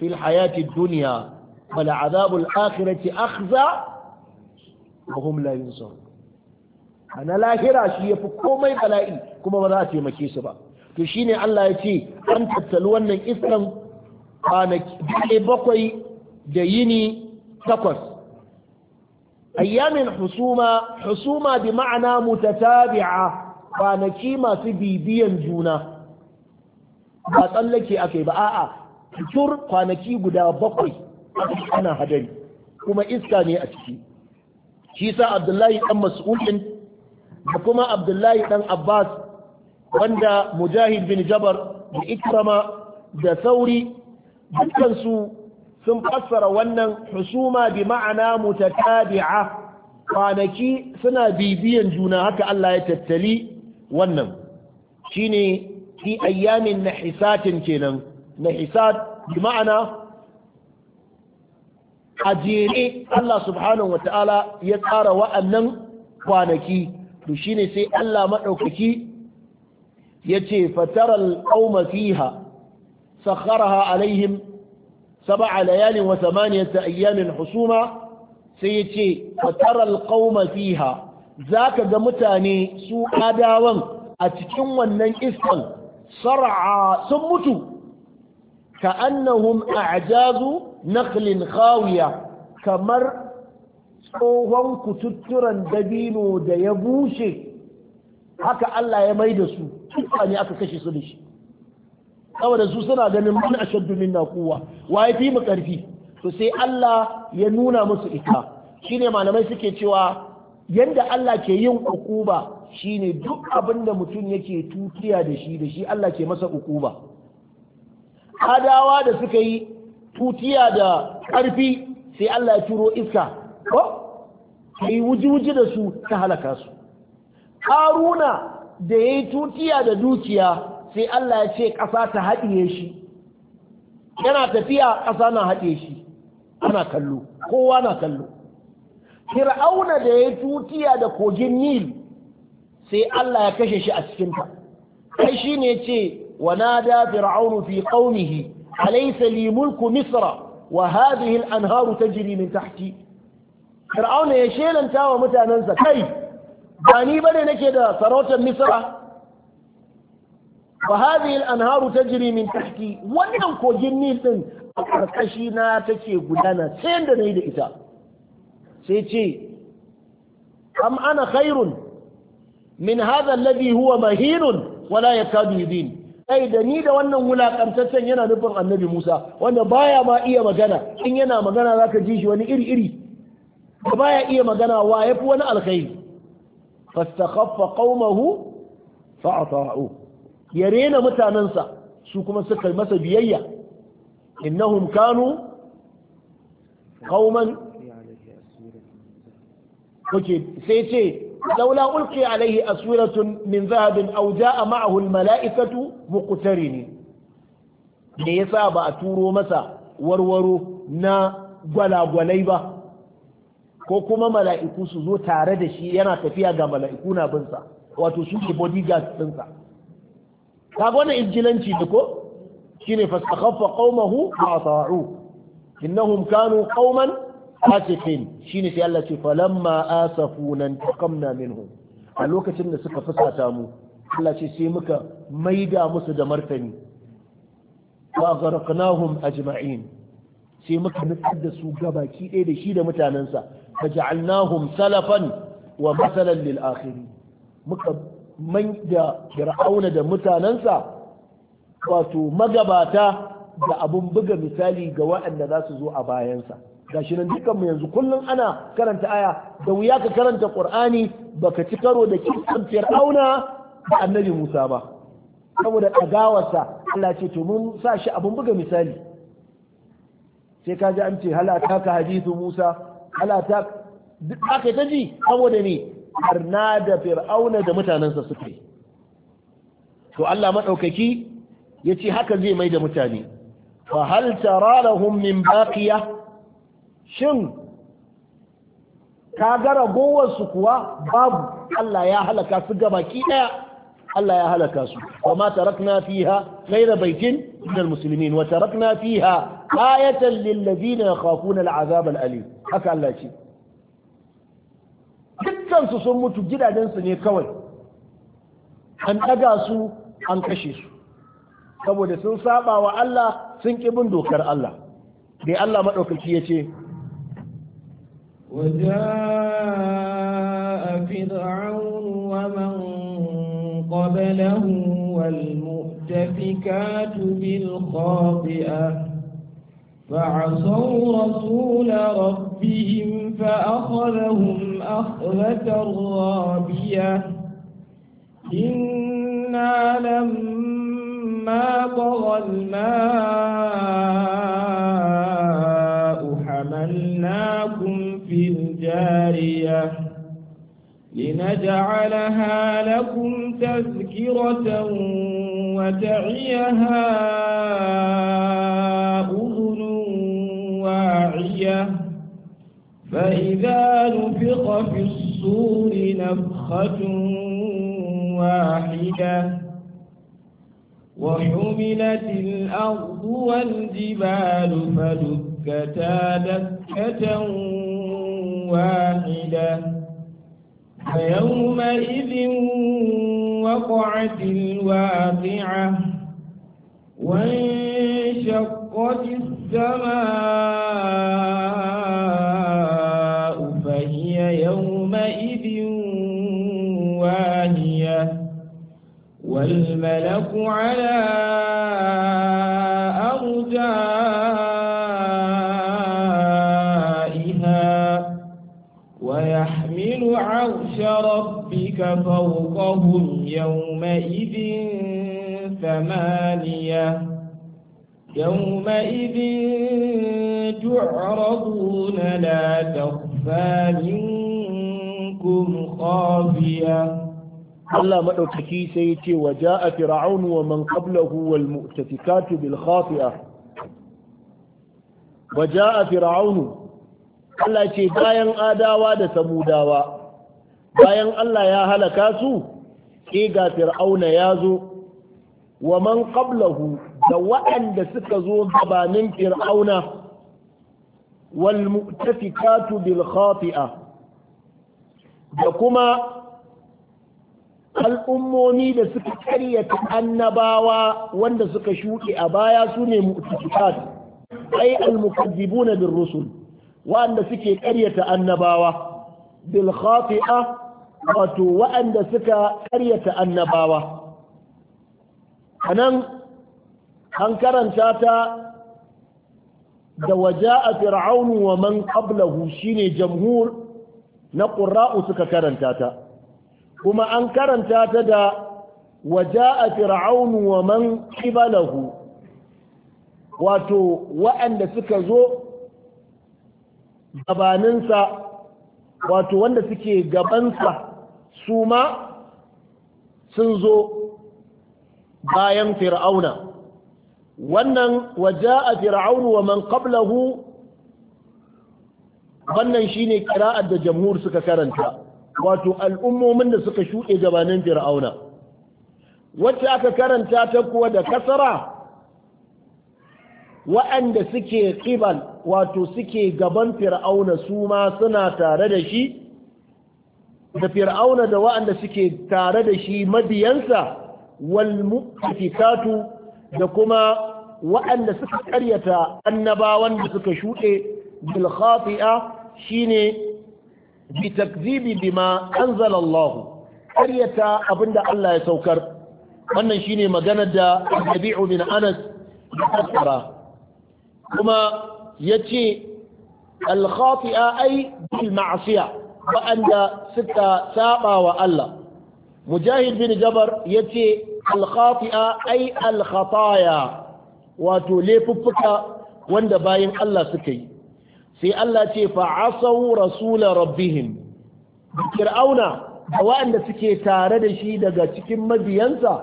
في الحياة الدنيا ولعذاب الآخرة أخزى وهم لا ينصرون a na lahira shi ya fi komai bala'i kuma ba za a taimake su ba to shi ne Allah ya ce an tattali wannan iskan kwanaki bakwai da yini takwas ayyamin husuma husuma bi ma'ana mutatabi'a kwanaki masu bibiyan juna ba tsallake akai ba a'a fitur kwanaki guda bakwai ana hadari kuma iska ne a ciki shi sa abdullahi dan mas'ulin da kuma abdullahi dan abbas wanda mujahid bin jabar da ikrama da sauri dukansu sun fassara wannan husuma bi ma'ana mutatabi'a kwanaki suna bibiyan juna haka Allah ya tattali wannan shine fi ayyamin nahisatin kenan nahisat bi ma'ana a jere Allah subhanahu wa ta'ala ya tsara wa'annan kwanaki to shine sai Allah madaukaki yace fataral qauma fiha sakharaha alaihim sab'a layalin wa thamaniyata ayyamin husuma sai yace fataral qauma fiha zaka ga mutane su adawan a cikin wannan iskan sar'a sun mutu ka'annahum a'jazu naqlin khawiya kamar tsohon kututturan dabino da ya bushe haka Allah ya mai da su ne aka kashe su da shi saboda su suna ganin mana ashaddu minna wa ya fi mu karfi to sai Allah ya nuna musu ita shine malamai suke cewa yanda Allah ke yin ukuba shine duk abin da mutum yake tutiya da shi da shi Allah ke masa ukuba adawa da suka yi tutiya da ƙarfi, sai Allah ya turo iska ta yi wuji-wuji da su ta halaka su Ƙaruna da ya yi tutiya da dukiya sai Allah ya ce ƙasa ta haɗiye shi yana tafiya ƙasa na haɗe shi ana kallo kowa na kallo fir'auna da ya yi tutiya da kogin nil sai Allah ya kashe shi a cikinta kai shi ne ce ونادى فرعون في قومه أليس لي ملك مصر وهذه Anharu تجري من تحتي fir'auna ya shelanta wa mutanensa kai ba ni bane nake da sarautar misra Ba hadhihi al-anharu tajri min tahti wannan kogin nil din a karkashi na take gudana sai yanda nayi da ita sai ce am ana khairun min hadha alladhi huwa mahinun wala yakadu yudin ai da ni da wannan wulakantaccen yana nufin annabi Musa wanda baya ma iya magana in yana magana zaka ji shi wani iri iri ba ya iya magana wa yafi wani alkhairi fastakhaffa qaumahu fa'ata'u ya yarena mutanansa su kuma suka masa biyayya innahum kanu qauman kuke sai ce لولا ألقي عليه أسورة من ذهب a جاء معه mukutari ne me yasa ba a turo masa warwaro na gwalagwalai ba ko kuma mala'iku su zo tare da shi yana tafiya ga mala'iku na binsa wato su ke bodyguard ɗinsa kaga wannan injilanci da ko shine fastakhaffa qaumahu wa ata'u innahum kanu qauman fasiqin shine sai Allah ce falamma asafuna taqamna minhum a lokacin da suka fusata mu Allah ce sai muka maida musu da martani wa gharqnahum ajma'in sai muka nutsar da su gabaki ɗaya da shi da mutanensa faj'alnahum salafan wa masalan lil akhirin muka man da fir'auna da mutanansa wato magabata da abun buga misali ga waɗanda za su zo a bayansa gashi nan dukan mu yanzu kullum ana karanta aya da wuya ka karanta ƙur'ani baka ci karo da kisan fir'auna da annabi Musa ba saboda ɗagawarsa Allah ce to mun sa shi abun buga misali sai ka ji an ce halata ka hadithu Musa halata aka ta ji saboda ne arna da fir'auna da mutanensa suka yi to Allah maɗaukaki ya ce haka zai mai da mutane fa hal tara lahum min baqiya shin ka ga ragowar su kuwa babu Allah ya halaka su baki daya Allah ya halaka su wa ma tarakna fiha ghayra baitin min almuslimin wa tarakna fiha ayatan lil ladina yakhafuna al'azab Ali. haka Allah ce dukkansu sun mutu gidajensu ne kawai an ɗaga su an kashe su saboda sun saba wa Allah sun ƙi bin dokar Allah dai Allah maɗaukaki ya ce وجاء فرعون ومن قبله والمؤتفكات بالخاطئة فعصوا رسول ربهم ربهم فأخذهم أخذة رابية إنا لما طغى الماء حملناكم في الجارية لنجعلها لكم تذكرة وتعيها أذن واعية فإذا نفخ في الصور نفخة واحدة وحملت الأرض والجبال فدكتا دكة واحدة فيومئذ وقعت الواقعة وانشقت السماء والملك على أرجائها ويحمل عرش ربك فوقهم يومئذ ثمانية يومئذ تعرضون لا تخفى منكم خافية Allah madaukaki sai yace wa jaa fir'aun wa man qablahu wal mu'tafikatu bil khafi'a wa jaa fir'aun Allah ce bayan adawa da samudawa bayan Allah ya halaka su ke ga fir'auna ya zo wa man qablahu da waɗanda suka zo gabanin fir'auna wal mu'tafikatu bil khafi'a da kuma al'ummomi da suka karyata annabawa wanda suka shuɗe a baya su ne mu'tikitat ai al-mukazzibuna bir rusul wanda suke karyata annabawa bil khati'a wato wa'anda suka karyata annabawa anan an karanta ta da waja'a fir'aunu wa man qablahu shine jamhur na qurra'u suka karanta ta kuma an karanta ta da waja'a fir'aunu wa man qibalahu wato waɗanda suka zo gabaninsa wato wanda suke gabansa su ma sun zo bayan fir'auna wannan waja'a fir'aunu wa man qablahu wannan shine qira'ar da jamhur suka karanta wato al'ummomin da suka shuɗe gabanin fir'auna wacce aka karanta ta kuwa da kasara wa'anda suke ƙibal wato suke gaban fir'auna su ma suna tare da shi da fir'auna da wa'anda suke tare da shi mabiyansa walmu'afikatu da kuma wa'anda suka karyata annabawan da suka shuɗe bilkhafi'a shine bi takzibi dima anzala karyata abinda Allah ya saukar wannan shine maganar da Rabi'u bin Anas ya fassara kuma yace al-khati'a ay bil ma'siya wa'anda sika saba wa Allah Mujahid bin Jabar yace al-khati'a ay al-khataya wato laifuffuka wanda bayan Allah suka yi sai Allah ce fa'asau rasula rabbihim fir'auna da waɗanda suke tare da shi daga cikin mabiyansa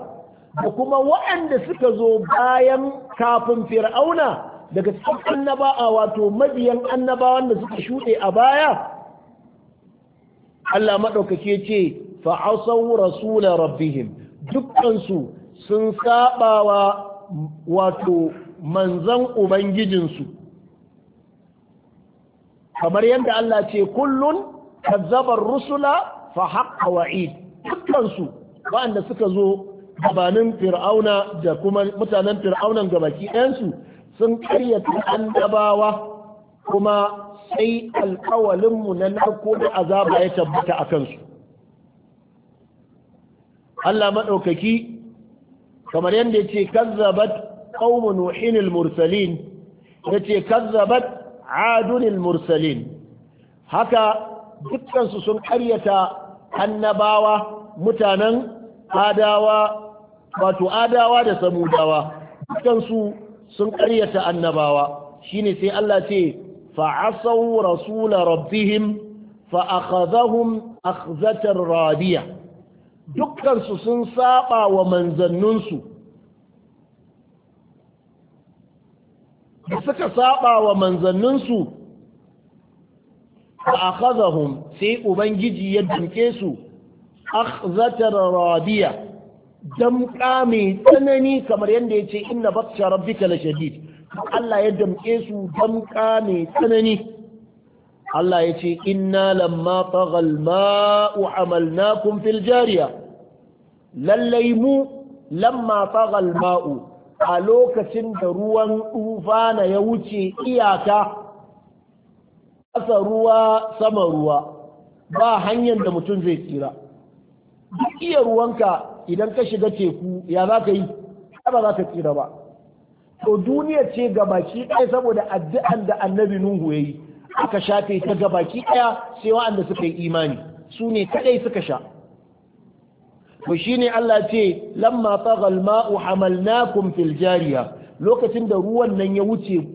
da kuma waɗanda suka zo bayan kafin fir'auna daga cikin annabawa wato mabiyan annabawan da suka shuɗe a baya Allah maɗaukake ce fa'asau rasula rabbihim dukkansu sun saɓawa wato manzan ubangijinsu kamar yadda Allah ce kullun kazzabar rusula fa haqqa wa'id dukkansu waɗanda suka zo gabanin fir'auna da kuma mutanen fir'aunan gabaki ɗayansu sun karyata annabawa kuma sai mu na narko da azaba ya tabbata a kansu Allah maɗaukaki kamar yadda ce kazzabat qaumu nuhin mursalin yace kazzabat adunil mursalin haka dukkansu sun karyata annabawa mutanen adawa wato adawa da samudawa dukkansu sun karyata annabawa shine sai Allah ce fa'asaw rasul rabbihim fa akhadhahum akhzatar radiya dukkansu sun saɓa wa manzanninsu da suka saba wa manzanninsu a akhazahum sai ubangiji ya damke su akhzatar radiya damka mai tsanani kamar yadda ya ce inna batsha rabbika la shadid Allah ya damke su damka mai tsanani Allah ya ce inna lamma taghal ma'u amalnakum fil jariya lallai mu lamma taghal ma'u a lokacin da ruwan tufana ya wuce iyaka ƙasa ruwa sama ruwa ba hanyar da mutum zai tsira duk iya ruwanka idan ka shiga teku ya za ka yi ba za ka tsira ba to duniya ce gabaki ɗaya saboda addu'an da annabi nuhu ya yi aka shafe ta gabaki ɗaya sai wa'anda suka yi imani su ne kaɗai suka sha to shine Allah ce lamma taghal ma'u hamalnakum fil jariya lokacin da ruwan nan ya wuce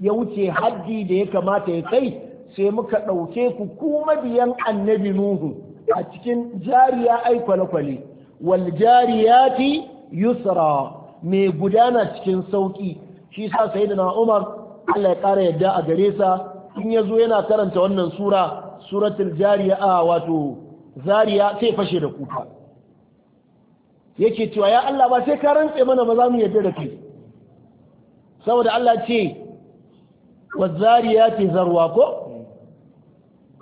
ya wuce haddi da ya kamata ya kai sai muka ɗauke ku ku mabiyan annabi nuhu a cikin jariya ai kwale-kwale wal jariyati yusra mai gudana cikin sauki shi sa sai da umar Allah ya ƙara yadda a gare sa in ya zo yana karanta wannan sura suratul jariya a wato zariya sai fashe da kuka yake cewa ya Allah ba sai ka rantse mana ba za mu yarda da kai saboda Allah ce wazariyati zarwa ko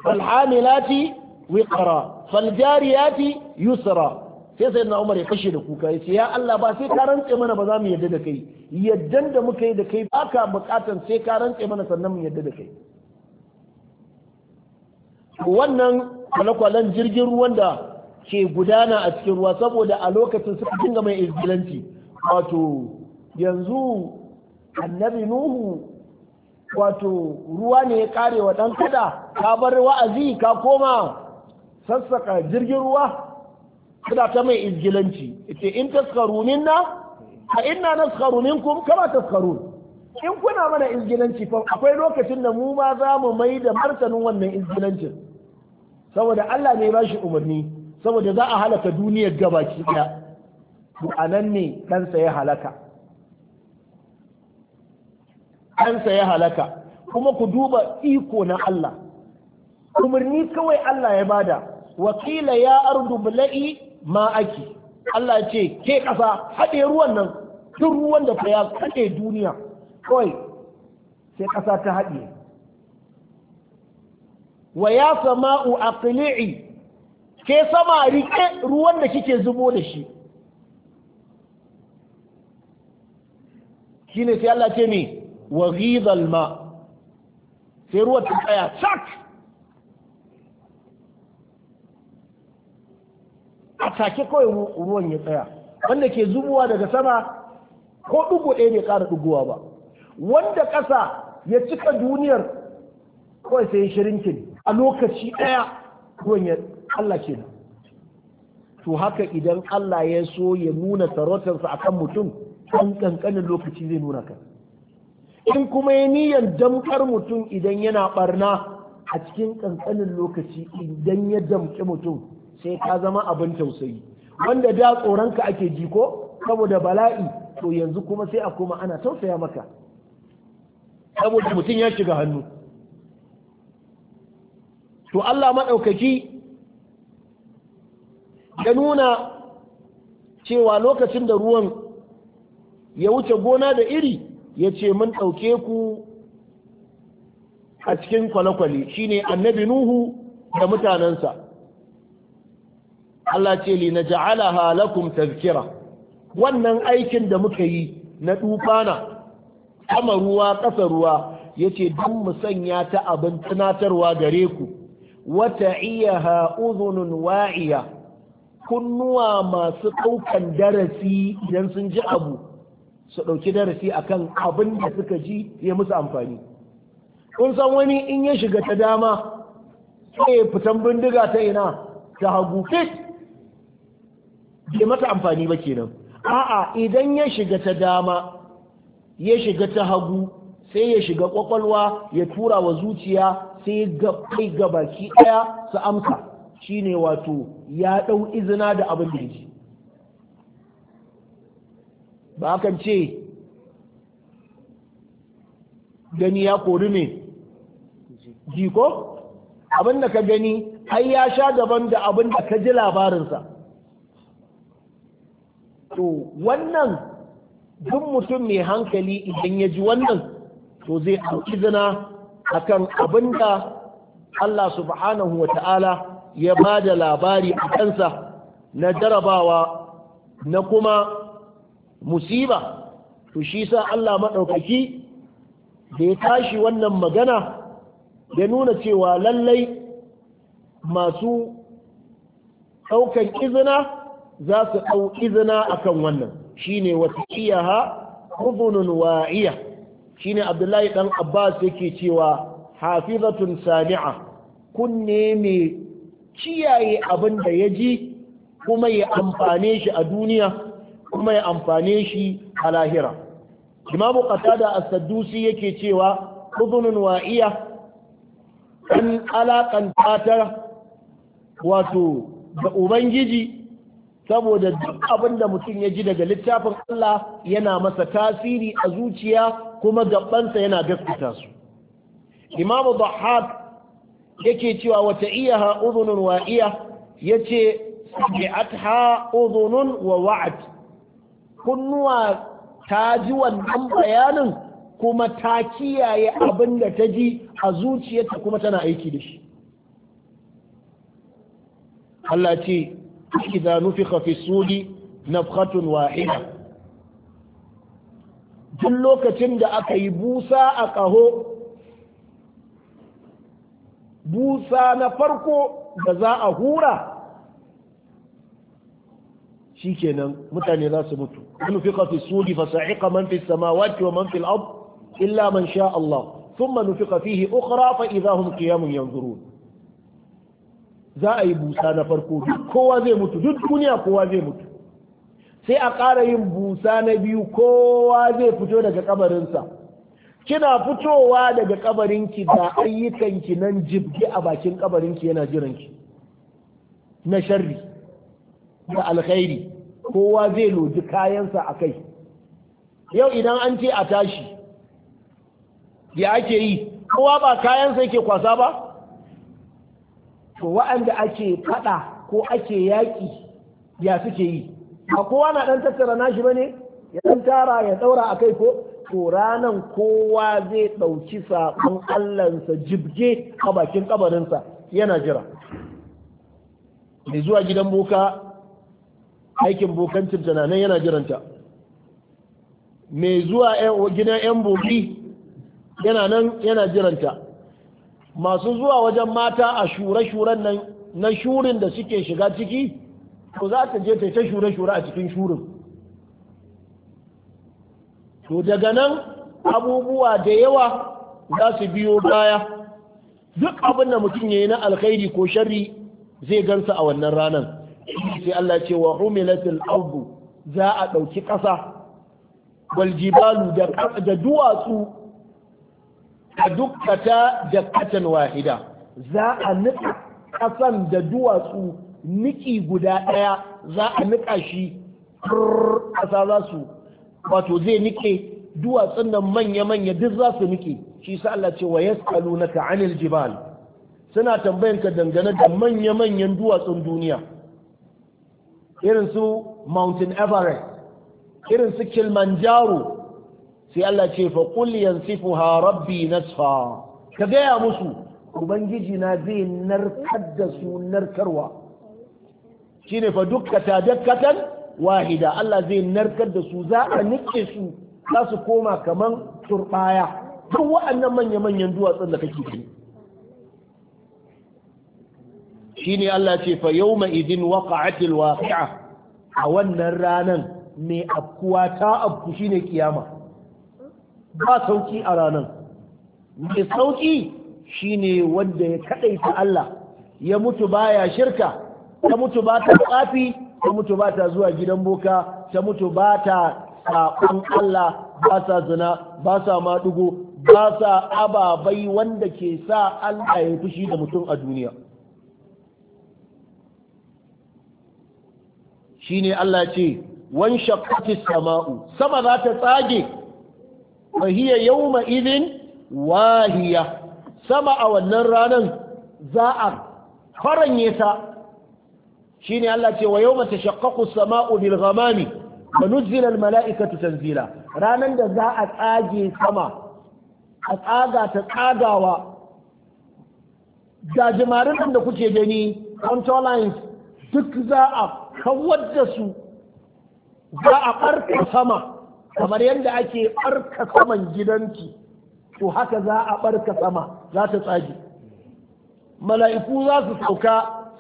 hamilati wiqra jariyati yusra sai sai na Umar ya kashe da kuka ya ce ya Allah ba sai ka rantse mana ba za mu yarda da kai yaddan da muka yi da kai baka bukatan sai ka rantse mana sannan mu yarda da kai wannan kwale-kwalen jirgin ruwan da ke gudana a cikin ruwa saboda a lokacin suka dinga mai izgilanci wato yanzu annabi nuhu wato ruwa ne ya kare wa ɗan kada ka bar wa'azi ka koma sassaka jirgin ruwa suna ta mai izgilanci ita in taskaru minna a inna naskaru minkum kama taskaru in kuna mana izgilanci fa akwai lokacin da mu ma za mu mai da martanin wannan izgilancin saboda Allah ne ya bashi umarni saboda za a halaka duniyar gaba ɗaya a nan ne ɗansa ya halaka ɗansa ya halaka kuma ku duba iko na Allah umarni kawai Allah ya bada wakila ya ardu bala'i ma aki Allah ce ke ƙasa haɗe ruwan nan duk ruwan da ya kaɗe duniya kawai sai ƙasa ta haɗe wa ya sama'u aqli'i ke sama riƙe ruwan da kike zubo da shi ne sai Allah ce ne wa ghidal ma sai ruwan ta tsaya sak a take kawai ruwan ya tsaya wanda ke zubowa daga sama ko ɗugo ɗaya bai ƙara ɗuguwa ba wanda ƙasa ya cika duniyar kawai sai shirinkin a lokaci ɗaya ruwan ya Allah ke to haka idan Allah ya so ya nuna sarautarsa kan mutum ɗan ƙanƙanin lokaci zai nuna ka in kuma ya niyan damkar mutum idan yana ɓarna a cikin ƙanƙanin lokaci idan ya damƙi mutum sai ka zama abin tausayi wanda da tsoronka ake ji ko saboda bala'i to yanzu kuma sai a koma ana tausaya maka saboda mutum ya shiga hannu to Allah maɗaukaki ya nuna cewa lokacin da ruwan ya wuce gona da iri ya ce mun ɗauke ku a cikin kwale-kwale ne annabi nuhu da mutanensa Allah ce li na ja'ala halakun tazkira wannan aikin da muka yi na dufana kama ruwa ƙasa ruwa ya ce don mu sanya ta abin tunatarwa gare ku wata iya uzunun wa'iya kunnuwa masu ɗaukan darasi idan sun ji abu su ɗauki darasi akan abin da suka ji ya musu amfani kun san wani in ya shiga ta dama sai ya fitan bindiga ta ina ta hagu fit bai mata amfani ba kenan a'a idan ya shiga ta dama ya shiga ta hagu sai ya shiga kwakwalwa ya tura wa zuciya sai ga baki ɗaya su amsa shine wato ya ɗau izina da abin da yake ba kan ce gani ya kori ne jiko abin da ka gani ai ya sha gaban da abin da ka ji labarinsa to wannan duk mutum mai hankali idan ya ji wannan to zai ɗauki zina akan abin da Allah subhanahu wa ta'ala ya ba da labari a kansa na jarabawa na kuma musiba to shi sa Allah maɗaukaki da ya tashi wannan magana ya nuna cewa lallai masu ɗaukan izina za su ɗau izina akan wannan shine wata iyaha udhunun wa'iya shine Abdullahi dan Abbas yake cewa hafizatun sami'a kunne mai kiyaye abin da ya ji kuma ya amfane shi a duniya kuma ya amfane shi a lahira imamu qatada as-saddusi yake cewa udhunun wa'iya an alakanta ta wato da ubangiji saboda duk abin da mutum ya ji daga littafin Allah yana masa tasiri a zuciya kuma gabansa yana gaskata su imamu dhahab yake cewa wata iya udhunun wa'iya yace sami'atha udhunun wa wa'at kunnuwa ta ji wannan bayanin kuma ta kiyaye abin da ta ji a zuciyarta kuma tana aiki da shi Allah ce idza nufikha fi sudi nafkhatun wahida duk lokacin da aka yi busa a ƙaho busa na farko da za a hura shi kenan mutane za su mutu in fiqa fi sudi fa sa'iqa man fi samawati wa man fi al illa man sha Allah thumma nufiqa fihi ukhra fa idha hum qiyamun yanzurun za a yi busa na farko duk kowa zai mutu duk duniya kowa zai mutu sai a ƙara yin busa na biyu kowa zai fito daga kabarinsa kina fitowa daga kabarinki da ki nan jibgi a bakin kabarinki yana jiranki na sharri da alkhairi kowa zai loji kayansa a kai yau idan an ce a tashi ya ake yi kowa ba kayansa yake kwasa ba to wa'anda ake fada ko ake yaƙi ya suke yi a kowa na ɗan tattara nashi ba ne ya ɗan tara ya ɗaura a kai ko to ranan kowa zai ɗauki saƙon allansa jibge a bakin kabarinsa yana jira mai zuwa gidan boka aikin bokancin tunanin yana jiranta mai zuwa gidan 'yan boki yana nan yana jiranta masu zuwa wajen mata a shure-shuren nan na shurin da suke shiga ciki to za ta je ta ta shure-shure a cikin shurin to daga nan abubuwa da yawa za su biyo baya duk abin da mutum ya yi na alkhairi ko sharri zai gansa a wannan ranar sai Allah ce wa humilatul ardu za a ɗauki ƙasa wal jibalu da duwatsu a dukkata da katan wahida za a nika ƙasan da duwatsu niki guda ɗaya za a nika shi ƙasa za su wato zai nike duwatsun nan manya-manya duk za su nike shi sa Allah ce wa yas'alunaka 'anil jibal suna tambayan ka dangane da manya-manyan duwatsun duniya irin su Mountain Everest irin su Kilimanjaro sai Allah ce fa qul ha rabbi nasfa ka gaya musu ubangiji na zai narkar da su narkarwa shine fa dukka ta dakkatan wahida Allah zai narkar da su za a nike su za su koma kaman turbaya duk wa'annan manya-manyan duwatsun da kake gani shine Allah ce fa yawma idin waqa'atil waqi'a a wannan ranan mai afkuwa ta afku shine kiyama ba sauki a ranan mai sauki shine wanda ya kadaita Allah ya mutu baya shirka ya mutu ba ta tsafi ta mutu ba ta zuwa gidan boka ta mutu ba ta saƙon Allah ba sa zina ba sa maɗugo ba sa ababai wanda ke sa Allah ya fushi da mutum a duniya Shi ne Allah ce wan shaqqati sama'u sama za ta tsage wa hiya yawma idhin wahiya sama a wannan ranar za a faranye ta shine Allah ce wa yawma tashaqqaqu as-sama'u bil ghamami wa nuzila al mala'ikatu tanzila ranan da za a tsage sama a tsaga ta tsagawa da jimarin da kuke gani contour lines duk za a kawar da su za a ɓarka sama kamar yadda ake ɓarka saman gidanki to haka za a ɓarka sama za ta tsage mala'iku za su sauka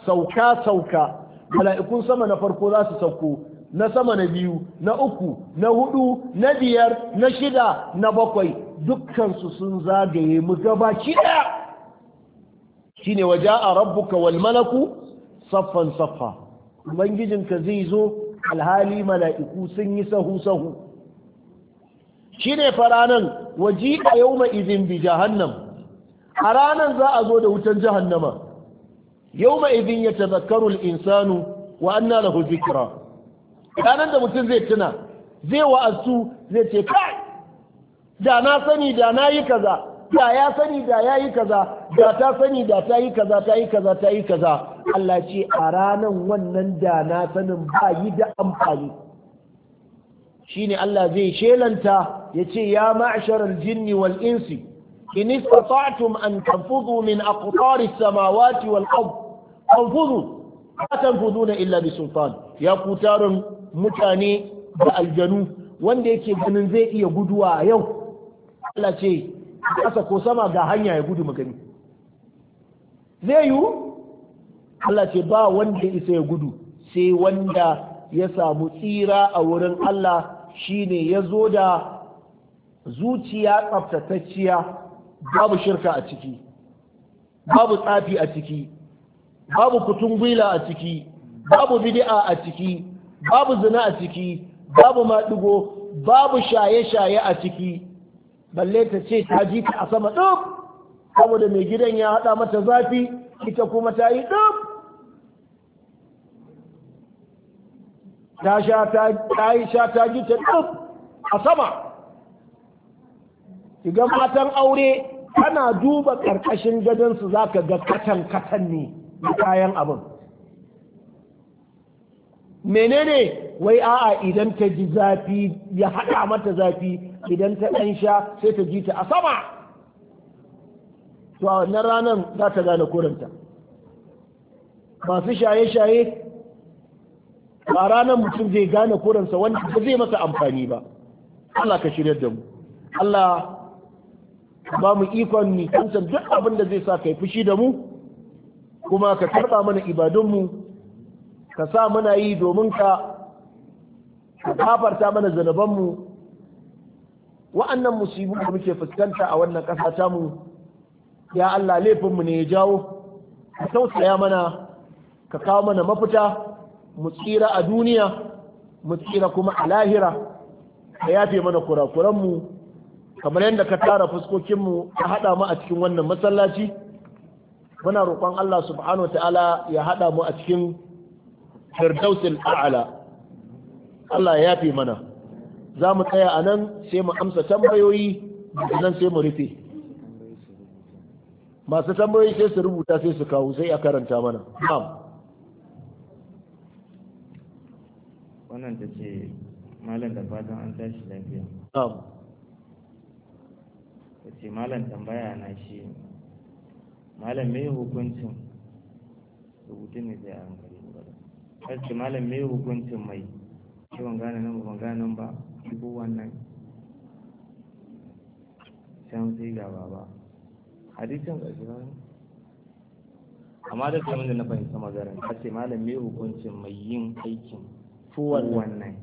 sauka sauka mala'ikun sama na farko za su sauko na sama na biyu na uku na hudu na biyar na shida na bakwai dukkansu sun zagaye mu gabaki ɗaya shine waje a rabbuka wal malaku saffan saffa ubangijinka zai zo alhali mala'iku sun yi sahu sahu shine faranan waji a yau izin bi jahannam a ranan za a zo da wutan jahannama yawma idin yatadhakkaru al-insanu wa na lahu dhikra ranar da mutum zai tuna zai wa'azu zai ce kai da na sani da na yi kaza da ya sani da ya yi kaza da ta sani da ta yi kaza ta yi kaza ta yi kaza Allah ce a ranan wannan da na sanin ba yi da amfani shine Allah zai shelanta ya ce ya ma'asharar jinni wal insi in istata'tum an tanfudhu min aqtaris samawati wal ard anfuzu la tanfuzuna illa bi sultan ya ku tarin mutane da aljanu wanda yake ganin zai iya guduwa a yau Allah ce kasa ko sama ga hanya ya gudu magani zai yiwu Allah ce ba wanda isa ya gudu sai wanda ya samu tsira a wurin Allah shine ya zo da zuciya tsaftatacciya babu shirka a ciki babu tsafi a ciki babu kutun gwila a ciki babu bid'a a ciki babu zina a ciki babu maɗigo babu shaye-shaye a ciki balle ta ce ta ji ta a sama ɗin saboda mai gidan ya haɗa mata zafi ita kuma ta yi ɗin ta sha ta ji ta ɗin a sama ga matan aure tana duba ƙarƙashin gadonsu za ka ga katan-katan ne da kayan abin menene wai a'a idan ta ji zafi ya haɗa mata zafi idan ta ɗan sha sai ta ji ta a sama to a wannan ranar za ta gane kuranta masu shaye-shaye a ranar mutum zai gane kuransa wanda ba zai masa amfani ba Allah ka shirya da mu Allah ba mu ikon ni. nisantar duk abin da zai sa yi fushi da mu kuma ka karɓa mana ibadunmu ka sa muna yi domin ka kafarta mana zanabanmu wa'annan musibu da muke fuskanta a wannan ƙasa mu. ya Allah laifinmu ne ya jawo ka tausaya mana ka kawo mana mafita mu tsira a duniya mu tsira kuma a lahira ka yafe mana kurakuranmu kamar yadda ka tara fuskokinmu ka haɗa mu a cikin wannan masallaci muna roƙon Allah subhanahu ta'ala ya haɗa mu a cikin firdausil a'ala Allah ya yafe mana za mu tsaya a nan sai mu amsa tambayoyi nan sai mu rufe masu tambayoyi sai su rubuta sai su kawo sai a karanta mana wannan ta ce malam da fatan an tashi lafiya ta ce malam tambaya na shi malam me hukuncin rubutun ne sai a hankali ce malam me hukuncin mai shi ban gane nan ban gane nan ba shi ko wannan can sai ga baba hadisin ƙarshe ba amma da kamar da na fahimta magaran ce malam me hukuncin mai yin aikin ko wannan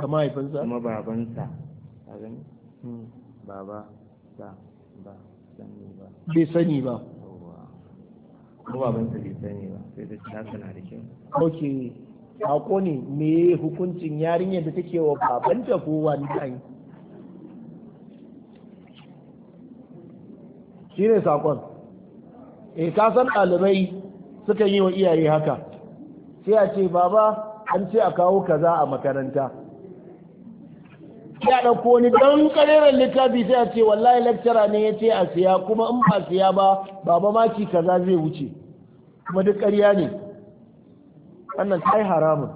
kama haifansa kuma babansa a gani hmm. baba ba ba sani ba bai sani ba ko ban bai sani ba sai ta ce na da kyau ok sako ne me hukuncin yarinyar da take wa babanta ko wani kan shi ne sakon e ka san ɗalibai suka yi wa iyaye haka sai a ce baba an ce a kawo kaza a makaranta ya ɗauko wani ɗan ƙareren littafi sai a ce wallahi lecturer ne ya ce a siya kuma in ba siya ba baba maki kaza zai wuce kuma duk ƙarya ne wannan ta yi haramun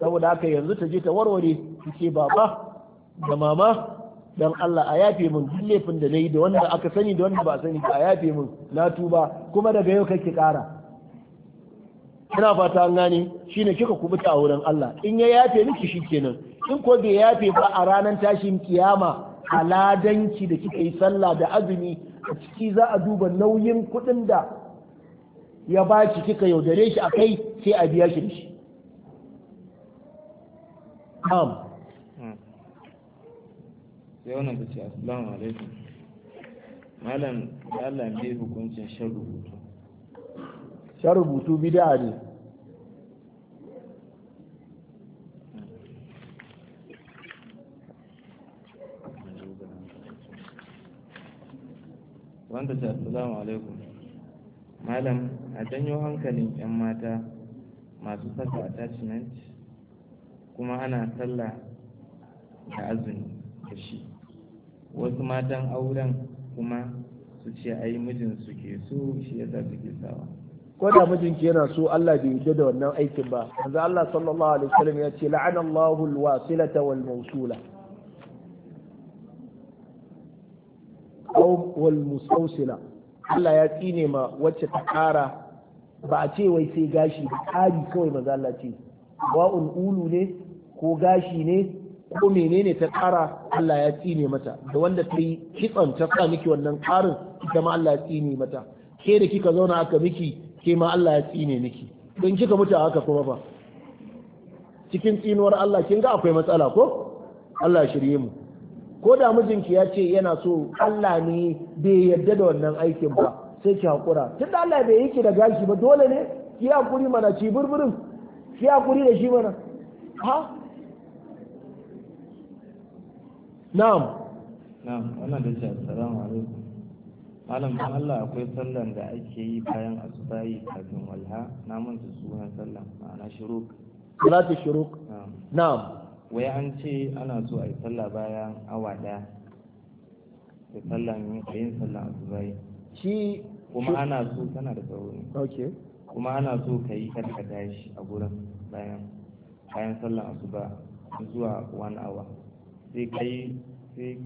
saboda aka yanzu ta je ta warware su ce baba da mama don Allah a yafe mun duk laifin da na yi da wanda aka sani da wanda ba a sani a yafe mun na tuba kuma daga yau kake kara ina fata an gane shine kika kubuta a wurin Allah in ya yafe miki kenan in ko bai yafe ba a ranar tashin kiyama a ladanki da kika yi sallah da azumi a ciki za a duba nauyin kuɗin da ya ba shi kika yaudare shi a kai sai a biya shi da shi am sai wannan ta ce assalamu alaikum malam Allah bai hukuncin shan rubutu shan rubutu bid'a ne wanda ta assalamu alaikum malam a janyo hankalin 'yan mata masu saka attachment kuma ana sallah da azumi da shi wasu matan auren kuma su ce ai mijinsu ke so shi yasa suke sawa ko da mijinki yana so Allah bai yarda da wannan aikin ba manzo Allah sallallahu alaihi wasallam ya ce la'ana Allahu al-wasilata wal mawsula wal Allah ya tsine ma wacce ta ƙara ba a ce wai sai gashi ba ƙari kawai maza Allah ce wa'un ulu ne ko gashi ne ko menene ta ƙara Allah ya tsine mata da wanda ta yi kitson ta sa miki wannan ƙarin ita ma Allah ya tsine mata ke da kika zauna aka miki ke ma Allah ya tsine miki don kika mutu haka kuma ba cikin tsinuwar Allah kin ga akwai matsala ko Allah shirye mu ko da mijinki ya ce yana so Allah ne bai yarda da wannan aikin ba sai ki hakura tun da Allah bai yi ki da gashi ba dole ne ki hakuri mana ci burburin ki hakuri da shi mana ha na'am na'am wannan da ce assalamu alaikum malam dan Allah akwai sallan da ake yi bayan asubahi kafin walha na manta sunan sallan ma'ana shuruk salatu shuruk na'am wai an ce ana so a yi sallah bayan awa ɗaya da sallan yin sallan asubai shi kuma ana so tana da ne okay kuma ana so ka yi kada ka tashi a gurin bayan bayan sallan asuba zuwa one hour sai ka yi sai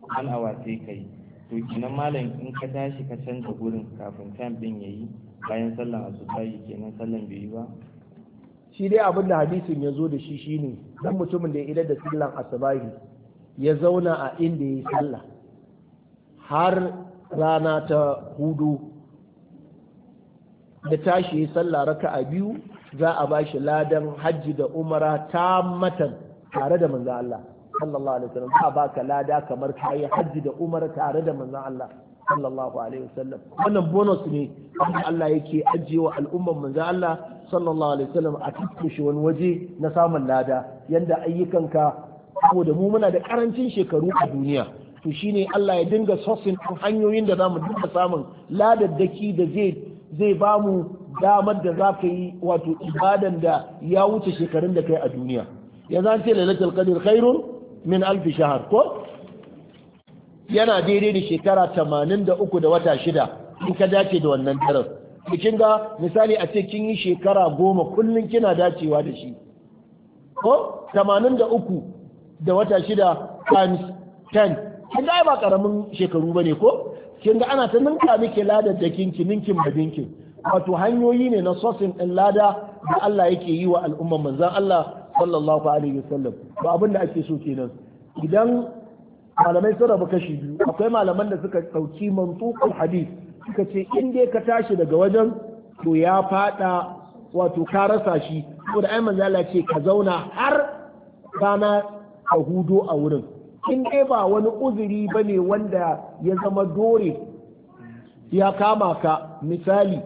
one hour sai ka yi to kenan malam in ka tashi ka canza gurin kafin time din yi bayan sallan asuba kenan sallan bai yi ba shi dai abin da hadisin ya zo da shi shine dan mutumin da ya idar da sallan asabari ya zauna a inda ya salla har rana ta hudu da tashi ya sallah a biyu za a ba shi ladan hajji da umara ta matan tare da manzo Allah sallallahu alaihi wasallam ba ka lada kamar kayi hajji da umara tare da manzo Allah sallallahu alaihi wasallam wannan bonus ne wanda Allah yake ajiyewa al'umman manzo Allah sallallahu alaihi wasallam a tuttushe wani waje na samun lada yanda ayyukanka saboda mu muna da karancin shekaru a duniya to shine Allah ya dinga sosin hanyoyin da zamu dinga samun ladaddaki da zai zai bamu damar da za ka yi wato ibadan da ya wuce shekarun da kai a duniya ya an ce lailatul qadr khairun min alf shahr ko yana daidai da shekara tamanin da uku da wata shida in ka dace da wannan daren cikin ga misali a ce kin yi shekara goma kullum kina dacewa da shi ko tamanin da uku da wata shida times ten kin ga ba karamin shekaru ba ne ko kin ga ana ta ninka miki ladar da kinki ninkin ba dinkin wato hanyoyi ne na sosin ɗin lada da Allah yake yi wa al'umman manzan Allah sallallahu alaihi wasallam ba abin da ake so kenan idan malamai sun rabu kashi biyu akwai malaman da suka ɗauki mantuƙar hadith suka ce in dai ka tashi daga wajen to ya fada wato ka rasa shi saboda ai manzo Allah ce ka zauna har rana a hudo a wurin in dai ba wani uzuri bane wanda ya zama dore ya kama ka misali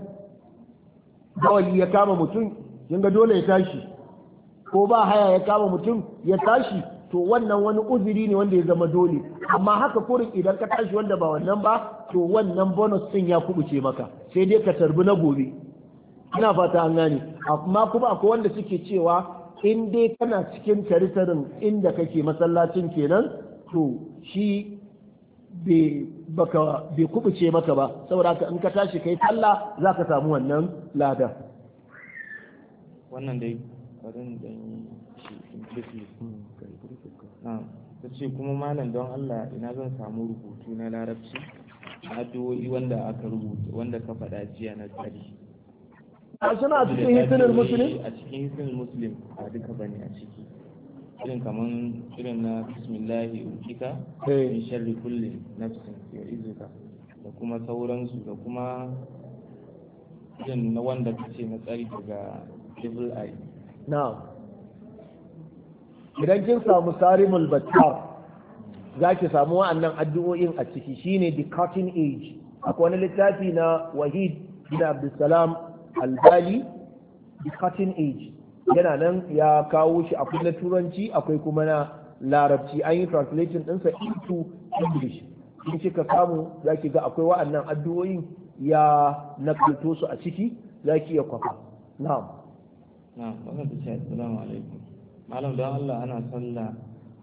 dawali ya kama mutum kin dole ya tashi ko ba haya ya kama mutum ya tashi to wannan wani uzuri ne wanda ya zama dole amma haka kurin idan ka tashi wanda ba wannan ba to wannan bonus din ya kubuce maka sai dai ka tarbi na gobe ina fata an gane amma kuma akwai wanda suke cewa in dai kana cikin taritarin inda kake masallacin kenan to shi bai kubuce maka ba saboda haka in ka tashi kai Allah zaka ka samu wannan lada wannan dai wannan dai shi in ta ce kuma malam don Allah ina zan samu rubutu na larabci addu'o'i wanda aka rubuta wanda ka faɗa jiya na tsari a suna cikin hisinin musulun a cikin hisinin musulun a duka bane a ciki irin kaman irin na bismillahi in min sharri kulli nafsin ya izuka da kuma sauransu da kuma irin na wanda kace na tsari daga devil eye na'am idan kin samu sarimul battar za ki samu wa'annan addu'o'in a ciki shine the cutting age akwai wani littafi na wahid bin abdulsalam albali the cutting age yana nan ya kawo shi akwai na turanci akwai kuma na larabci an yi translation ɗinsa into english in kika samu za ki ga akwai wa'annan addu'o'in ya nakalto su a ciki za ki iya kwafa na'am na'am alaikum malam don Allah ana sallah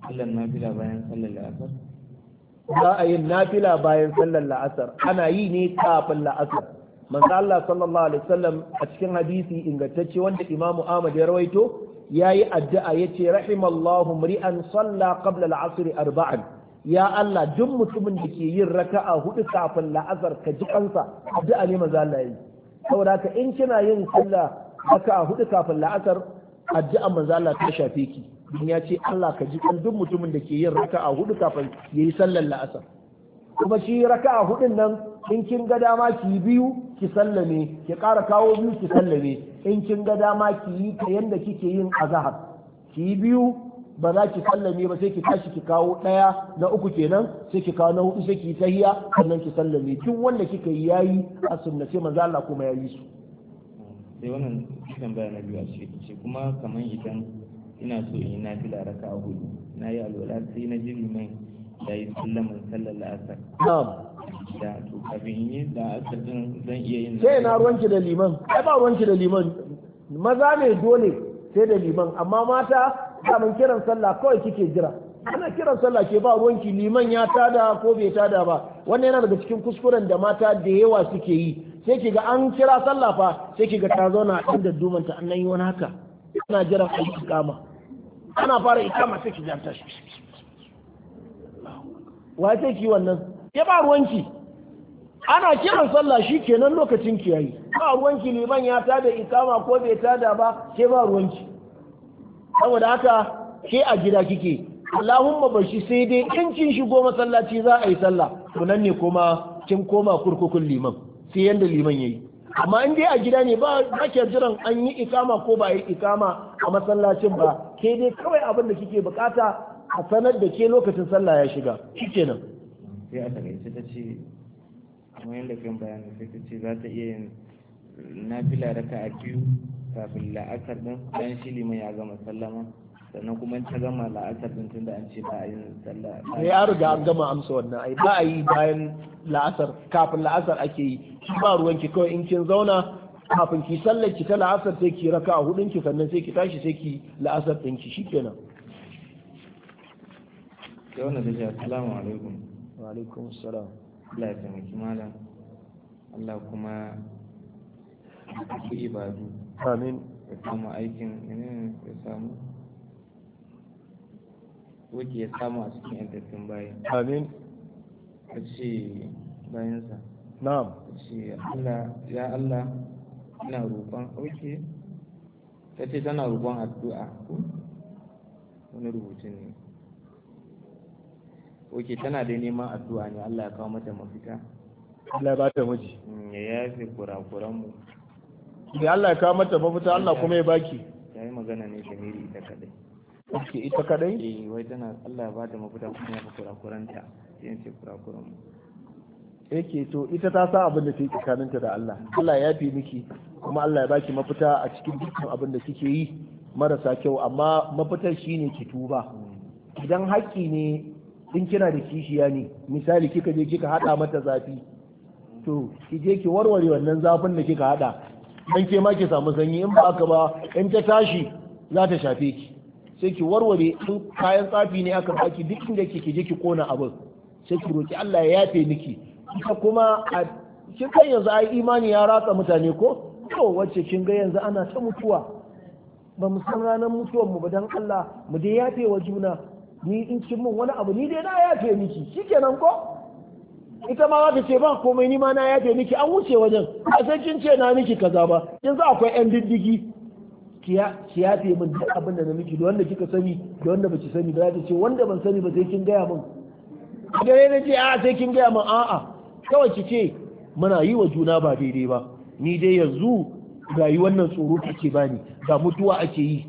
sallar nafila bayan sallan la'asar za a yi nafila bayan sallan la'asar ana yi ne kafin la'asar manzo Allah sallallahu alaihi wasallam a cikin hadisi ingantacce wanda Imam Ahmad ya rawaito yayi addu'a yace rahimallahu mri'an salla qabla al-'asr arba'an ya Allah duk mutumin da ke yin raka'a hudu kafin la'asar ka ji kansa addu'a ne manzo Allah yayi saboda ka in kina yin sallah raka'a hudu kafin la'asar addu'a manzo Allah ta shafe ki don ya ce Allah ka ji kan duk mutumin da ke yin raka'a hudu kafin yayi sallar la'asar kuma shi raka'a hudun nan in kin ga dama ki biyu ki sallame ki ƙara kawo biyu ki sallame in kin ga dama ki yi ta yanda kike yin azhar ki biyu ba za ki sallame ba sai ki tashi ki kawo ɗaya na uku kenan sai ki kawo na hudu sai ki tahiya sannan ki sallame duk wanda kika yi yayi a sunnace manzo Allah kuma yayi su sai wannan tambaya na biyu a shi kuma kamar idan ina so in yi na fi laraka a hudu na yi alwala sai na jiri mai da yi sallaman sallar la'asar da to kafin in yi la'asar din zan iya yin sai na ruwanki da liman ai ba ruwanki da liman maza ne dole sai da liman amma mata kamar kiran sallah kawai kike jira ana kiran sallah ke ba ruwanki liman ya tada ko bai tada ba wannan yana daga cikin kuskuren da mata da yawa suke yi sai ga an kira sallah fa sai kiga ta zauna na inda dumanta an yi wani haka ana jiran a yi ikama ana fara ikama sai kiga ta shi wa sai ki wannan ya ba ruwanki ana kiran sallah shi kenan lokacin ki yayi ba ruwanki liman ya tada ikama ko bai tada ba ke ba ruwanki saboda haka ke a gida kike Allahumma bashi sai dai in kin shigo masallaci za a yi sallah to nan ne kuma kin koma kurkukun liman sai yadda liman ya yi amma in dai a gida ne ba kake jiran an yi ikama ko ba a yi ikama a masallacin ba ke dai kawai abin da kike bukata a sanar da ke lokacin sallah ya shiga nan. sai a takaice ta ce amma yadda kan bayani sai ta ce za ta iya yin nafila raka a biyu kafin la'akar din dan shi liman ya gama sallama sannan kuma ta gama la'asar din tun da an ce ba a yin sallah ne ya riga an gama amsa wannan ai ba a yi bayan la'asar kafin la'asar ake yi ba ruwan ki kawai in kin zauna kafin ki sallar ki ta la'asar sai ki raka a hudun ki sannan sai ki tashi sai ki la'asar din ki shikenan sai wannan dace assalamu alaikum wa alaikum assalam Allah ya taimaki malam Allah kuma ku ibadu amin ya samu aikin ne ya samu wake ya samu a cikin yantattun bayan amin a ce bayansa na'am a ce allah ya allah ina roƙon auke ta ce tana roƙon addu'a ko wani rubutu ne oke tana da neman addu'a ne allah ya kawo mata mafita allah ya ba ta miji mm, ya yafe kurakuran mu allah ya kawo mata mafita allah kuma ya baki ya yi magana ne da miri ita kadai ake ita kadai eh wai tana Allah ba ta mafuta kuma ya kurakuranta yin ce kurakuran mu yake to ita ta sa abin da ke tsakaninta da Allah Allah ya fi miki kuma Allah ya baki mafita a cikin dukkan abin da kike yi marasa kyau amma mafitar shine ki tuba idan haƙƙi ne in kina da kishiya ne misali kika je kika hada mata zafi to ki je ki warware wannan zafin da kika hada dan ke ma ki samu sanyi in ba aka ba in ta tashi za ta shafe ki sai ki warware in kayan tsafi ne aka baki duk inda ke je ki kona abin sai ki roki Allah ya yafe miki ita kuma a kin kai yanzu ai imani ya ratsa mutane ko to wacce kin ga yanzu ana ta mutuwa ba mu san ranar mutuwar mu ba dan Allah mu dai yafe wa juna ni in kin mun wani abu ni dai na yafe miki shikenan ko ita ma za ta ce ba komai ni ma na yafe miki an wuce wajen a sai kin ce na miki kaza ba yanzu akwai yan diddigi Kiyafe yafe min duk abin da na miki da wanda kika sani da wanda baki sani ba za ta ce wanda ban sani ba sai kin gaya min gare na ce a sai kin gaya min a'a kawai ki ce muna yi wa juna ba daidai ba ni dai yanzu yi wannan tsoro take bani ga mutuwa ake yi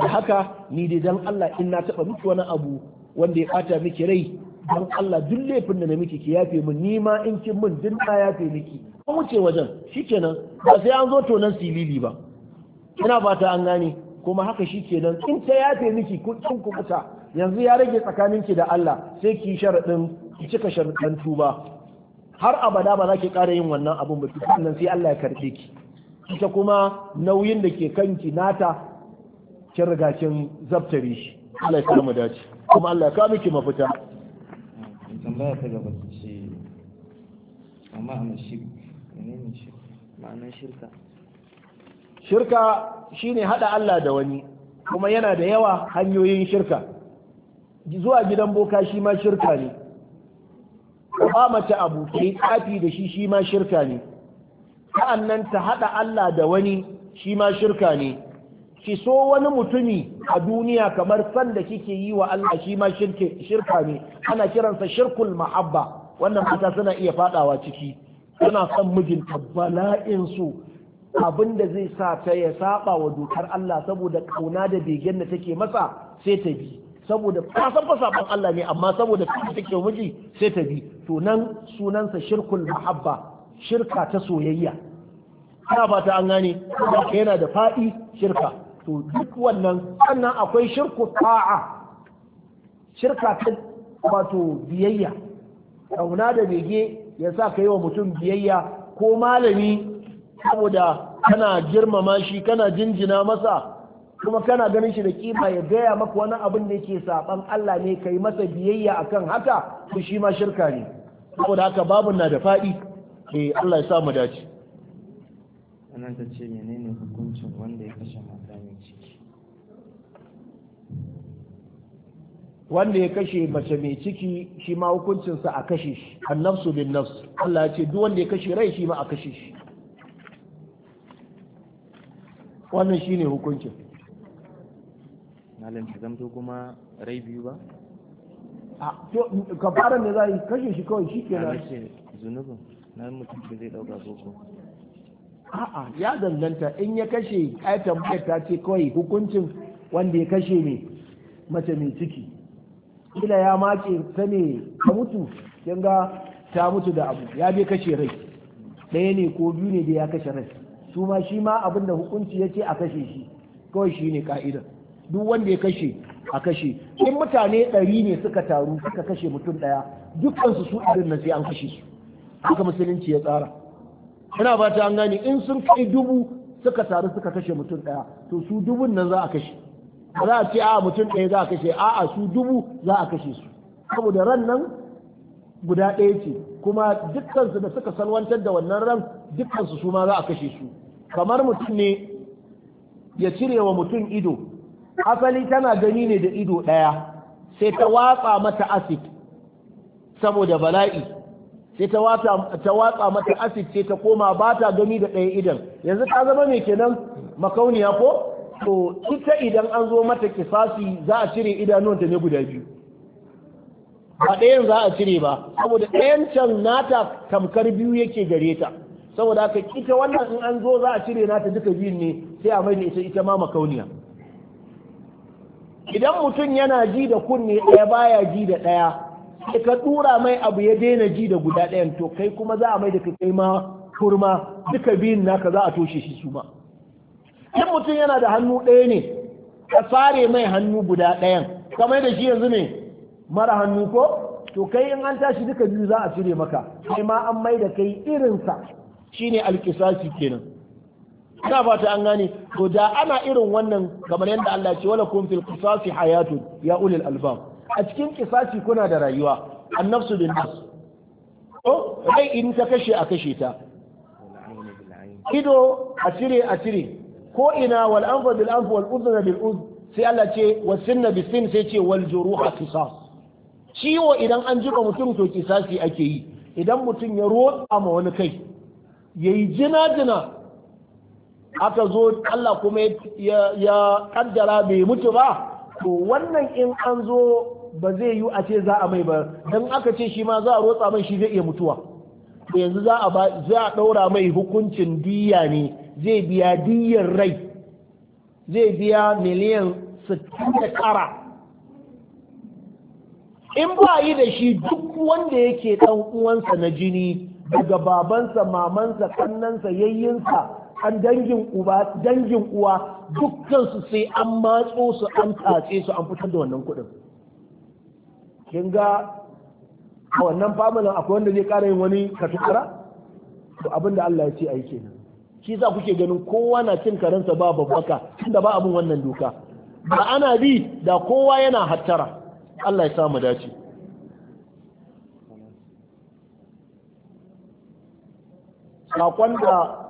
da haka ni dai dan Allah in na taba miki wani abu wanda ya bata miki rai dan Allah duk laifin da na miki kiyafe yafe min ni ma in kin min duk na yafe miki an wuce wajen shikenan ba sai an zo tonan silili ba ina ba ta an gani kuma haka shi ke nan in ta yafe miki kun kusa yanzu ya rage tsakaninki da Allah sai ki sharadin ki cika sharadin tuba har abada ba za ki ƙara yin wannan abun ba ki nan sai Allah ya karbe ki ita kuma nauyin da ke kanki nata kin riga kin zabtare shi Allah ya samu dace kuma Allah ya kawo miki mafita tambaya ta gaba ce amma amma ne ne shi ma'anar shirka shirka shine hada Allah da wani kuma yana da yawa hanyoyin shirka zuwa gidan boka shi ma shirka ne ba mace abu kai tsafi da shi shi ma shirka ne sa'annan ta haɗa Allah da wani shi ma shirka ne ki so wani mutumi a duniya kamar san da kike yi wa Allah shi ma shirka ne ana kiransa shirkul mahabba wannan mata suna iya fadawa ciki suna son mijinta bala'in su abin da zai sa ta ya saba wa dokar Allah saboda kauna da begen da take masa sai ta bi saboda san fa saban Allah ne amma saboda ta take miji sai ta bi to nan sunansa shirkul mahabba shirka ta soyayya ana ba ta an gane yana da fadi shirka to duk wannan sannan akwai shirku ta'a shirka ta wato biyayya kauna da bege ya sa ka yi wa mutum biyayya ko malami saboda kana girmama shi kana jinjina masa kuma kana ganin shi da kima ya gaya maka wani abin da yake saban Allah ne kai masa biyayya akan haka to shi ma shirka ne saboda haka babun na da faɗi eh Allah ya sa mu dace wannan ta ce menene hukuncin wanda ya kashe mata mai ciki wanda ya kashe mace mai ciki shi ma hukuncinsa a kashe shi annafsu bin nafs Allah ya ce duk wanda ya kashe rai shi ma a kashe shi wannan shine hukuncin malam ta zamto kuma rai biyu ba a to ka fara ne za yi kashe shi kawai shi ke kenan zunubin na mutum da zai dauka boko a'a ya danganta in ya kashe ai tambayar ta ce kawai hukuncin wanda ya kashe ne mace mai ciki kila ya mace ta ne ta mutu kin ga ta mutu da abu ya bai kashe rai ɗaya ne ko biyu ne da ya kashe rai su ma shi ma abin da hukunci ya ce a kashe shi kawai shi ne ka'idar duk wanda ya kashe a kashe in mutane ɗari ne suka taru suka kashe mutum ɗaya dukkansu su irin na sai an kashe su haka musulunci ya tsara ina ba ta an gane in sun kai dubu suka taru suka kashe mutum ɗaya to su dubun nan za a kashe ba za a ce a mutum ɗaya za a kashe a'a su dubu za a kashe su saboda ran nan guda ɗaya ce kuma dukkansu da suka salwantar da wannan ran dukkansu su ma za a kashe su kamar mutum ne ya cire wa mutum ido asali tana gani ne da ido ɗaya sai ta watsa mata asik saboda bala'i sai ta watsa mata asik sai ta koma ba ta gani da ɗaya idan yanzu ta zama mai kenan makauniya ko to ita idan an zo mata kisasi za a cire ta ne guda biyu ba ɗayan za a cire ba saboda ɗayan can nata tamkar biyu yake gare ta saboda aka ita wannan in an zo za a cire nata duka biyun ne sai a mai ita ita ma makauniya idan mutum yana ji da kunne ɗaya baya ji da ɗaya sai ka dura mai abu ya daina ji da guda ɗayan to kai kuma za a da kai ma kurma duka biyun naka za a toshe shi su ma idan mutum yana da hannu ɗaya ne ka fare mai hannu guda ɗayan kamar da shi yanzu ne mara hannu ko to kai in an tashi duka biyu za a cire maka kai ma an mai da kai irinsa shine alkisasi kenan ina fata an gane to da ana irin wannan kamar yadda Allah ce wala kun fil qisasi hayatun ya ulil albab a cikin kisasi kuna da rayuwa annafsu bin nafs ko rai in ta kashe a kashe ta ido a cire a cire ko ina wal anfa bil anfa wal udhna bil udh sai Allah ce wasinna bis sin sai ce wal juruha qisas ciwo idan an jiba mutum to kisasi ake yi idan mutum ya rotsa ma wani kai yayi jina-jina aka zo Allah kuma ya kaddara bai mutu ba to wannan in an zo ba zai yi a ce za a mai ba don aka ce shi ma za a rotsa mai shi zai iya mutuwa to yanzu za a ɗaura mai hukuncin diya ne zai biya diyar rai zai biya miliyan 69 in ba yi da shi duk wanda yake ɗan uwansa na jini daga babansa mamansa kannansa yayyinsa an dangin uba dangin uwa su sai an matso su an tace su an fitar da wannan kuɗin kin ga a wannan familin akwai wanda zai ƙara yin wani katukara to abin da Allah ya ce ai kenan shi za kuke ganin kowa na cin karensa ba babbaka tunda ba abin wannan doka ba ana bi da kowa yana hattara Allah ya sa mu dace sakon da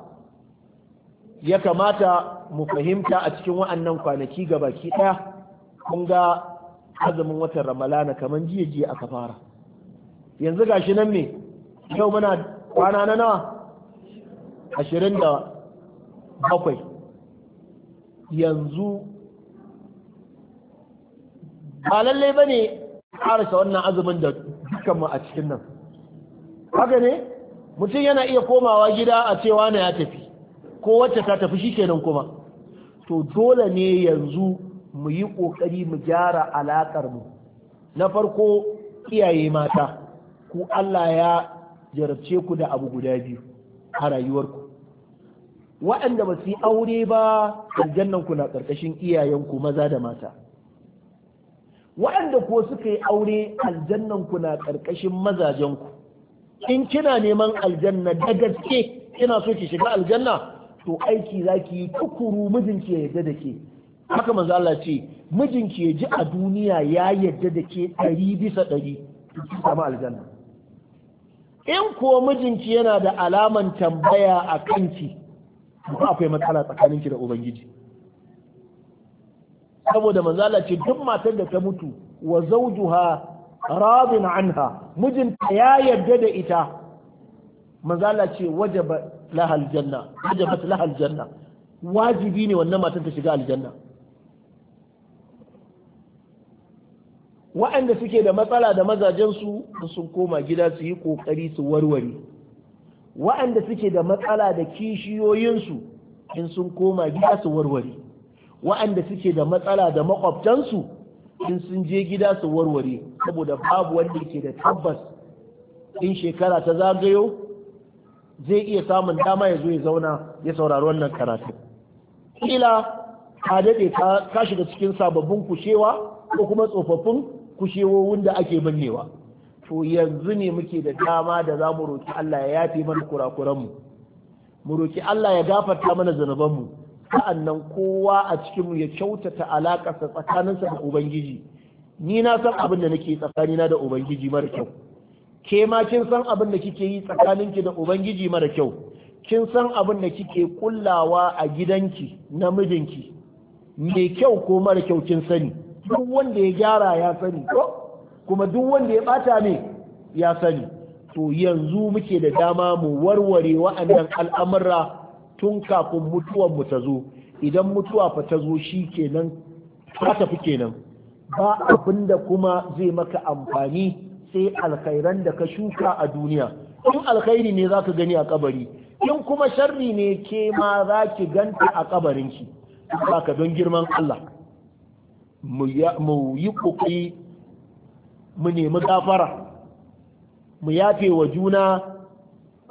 ya kamata mu fahimta a cikin wa'annan kwanaki ga baki ɗaya kun ga azumin watan ramalana kamar jiya jiya aka fara yanzu gashi nan me yau muna kwana na nawa ashirin da bakwai yanzu ba lallai ba ne ƙarasa wannan azumin da dukkanmu a cikin nan haka ne mutum yana iya komawa gida a cewa na ya tafi ko wacce ta tafi shikenan kuma to dole ne yanzu mu yi ƙoƙari mu gyara alaƙar mu na farko iyaye mata ku Allah ya jarabce ku da abu guda biyu a rayuwarku waɗanda ba su yi aure ba aljannan ku na ƙarƙashin iyayenku maza da mata waɗanda ko suka yi aure aljannan ku na ƙarƙashin mazajenku in kina neman aljanna da gaske kina so ki shiga aljanna to aiki zaki yi tukuru mijinki ya yarda da ke haka manzo Allah ce mijinki ya ji a duniya ya yarda da ke ɗari bisa ɗari ki sama aljanna in kuwa mijinki yana da alaman tambaya a kanki ba akwai matsala tsakaninki da ubangiji saboda manzo Allah ce duk matar da ta mutu wa zawjuha radin anha mijinta ya yarda da ita manzala ce wajaba lahal janna wajabat lahal janna wajibi ne wannan matan ta shiga aljanna waɗanda suke da matsala da mazajensu sun koma gida su yi ƙoƙari su warware waɗanda suke da matsala da kishiyoyinsu in sun koma gida su warware waɗanda suke da matsala da maƙwabtansu in sun je gida su warware saboda babu wanda ke da tabbas in shekara ta zagayo zai iya samun dama ya zo ya zauna ya saurari wannan karatu kila ka daɗe ka shiga cikin sababbin kushewa ko kuma tsofaffin kushewowin da ake binnewa to yanzu ne muke da dama da za mu roki Allah ya yafe mana kurakuranmu mu roki Allah ya gafarta mana zanubanmu sa'an nan kowa a cikinmu ya kyautata alaƙarsa tsakaninsa da ubangiji ni na san abin da nake tsakanina da ubangiji mara kyau ke ma kin san abin da kike yi tsakaninki da ubangiji mara kyau kin san abin da kike kullawa a gidanki na mijinki mai kyau ko mara kyau kin sani duk wanda ya gyara ya sani kuma duk wanda ya ɓata ne ya sani to yanzu muke da dama mu warware wa'annan al'amura tun kafin mutuwan mu ta zo idan mutuwa fa ta zo shi kenan ka tafi kenan ba abin da kuma zai maka amfani sai alkhairan da ka shuka a duniya in alkhairi ne za ka gani a kabari in kuma sharri ne ke ma za ki ganta a kabarin ki ka don girman Allah mu yi kokari mu nemi gafara mu yafe wa juna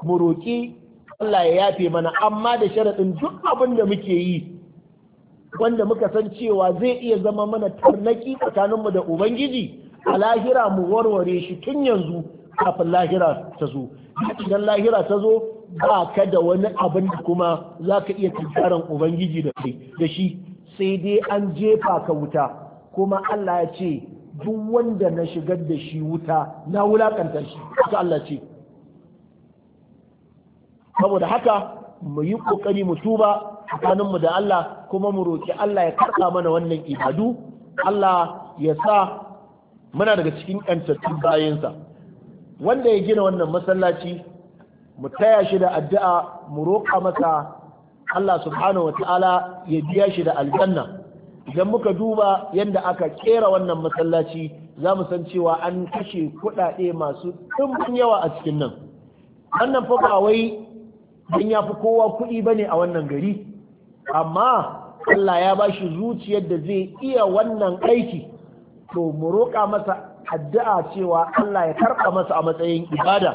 mu roƙi Allah ya yafe mana amma da sharaɗin duk abin da muke yi wanda muka san cewa zai iya zama mana tarnaki tsakaninmu da ubangiji a lahira mu warware shi tun yanzu kafin lahira ta zo idan lahira ta zo ba ka da wani abin da kuma za ka iya tunkaran ubangiji da shi sai dai an jefa ka wuta kuma Allah ya ce duk wanda na shigar da shi wuta na wulakantar shi Allah ce saboda haka mu yi kokari mu tuba tsakanin mu da Allah kuma mu roki Allah ya karɓa mana wannan ibadu Allah ya sa muna daga cikin ƴantattun bayansa wanda ya gina wannan masallaci mu taya shi da addu'a mu roƙa masa Allah subhanahu wata'ala ya biya shi da aljanna idan muka duba yadda aka kera wannan masallaci za mu san cewa an kashe kuɗaɗe masu ɗimbin yawa a cikin nan wannan fa ba wai don ya fi kowa kuɗi ba a wannan gari amma Allah ya ba shi zuciyar da zai iya wannan aiki to mu roƙa masa addu'a cewa Allah ya karɓa masa a matsayin ibada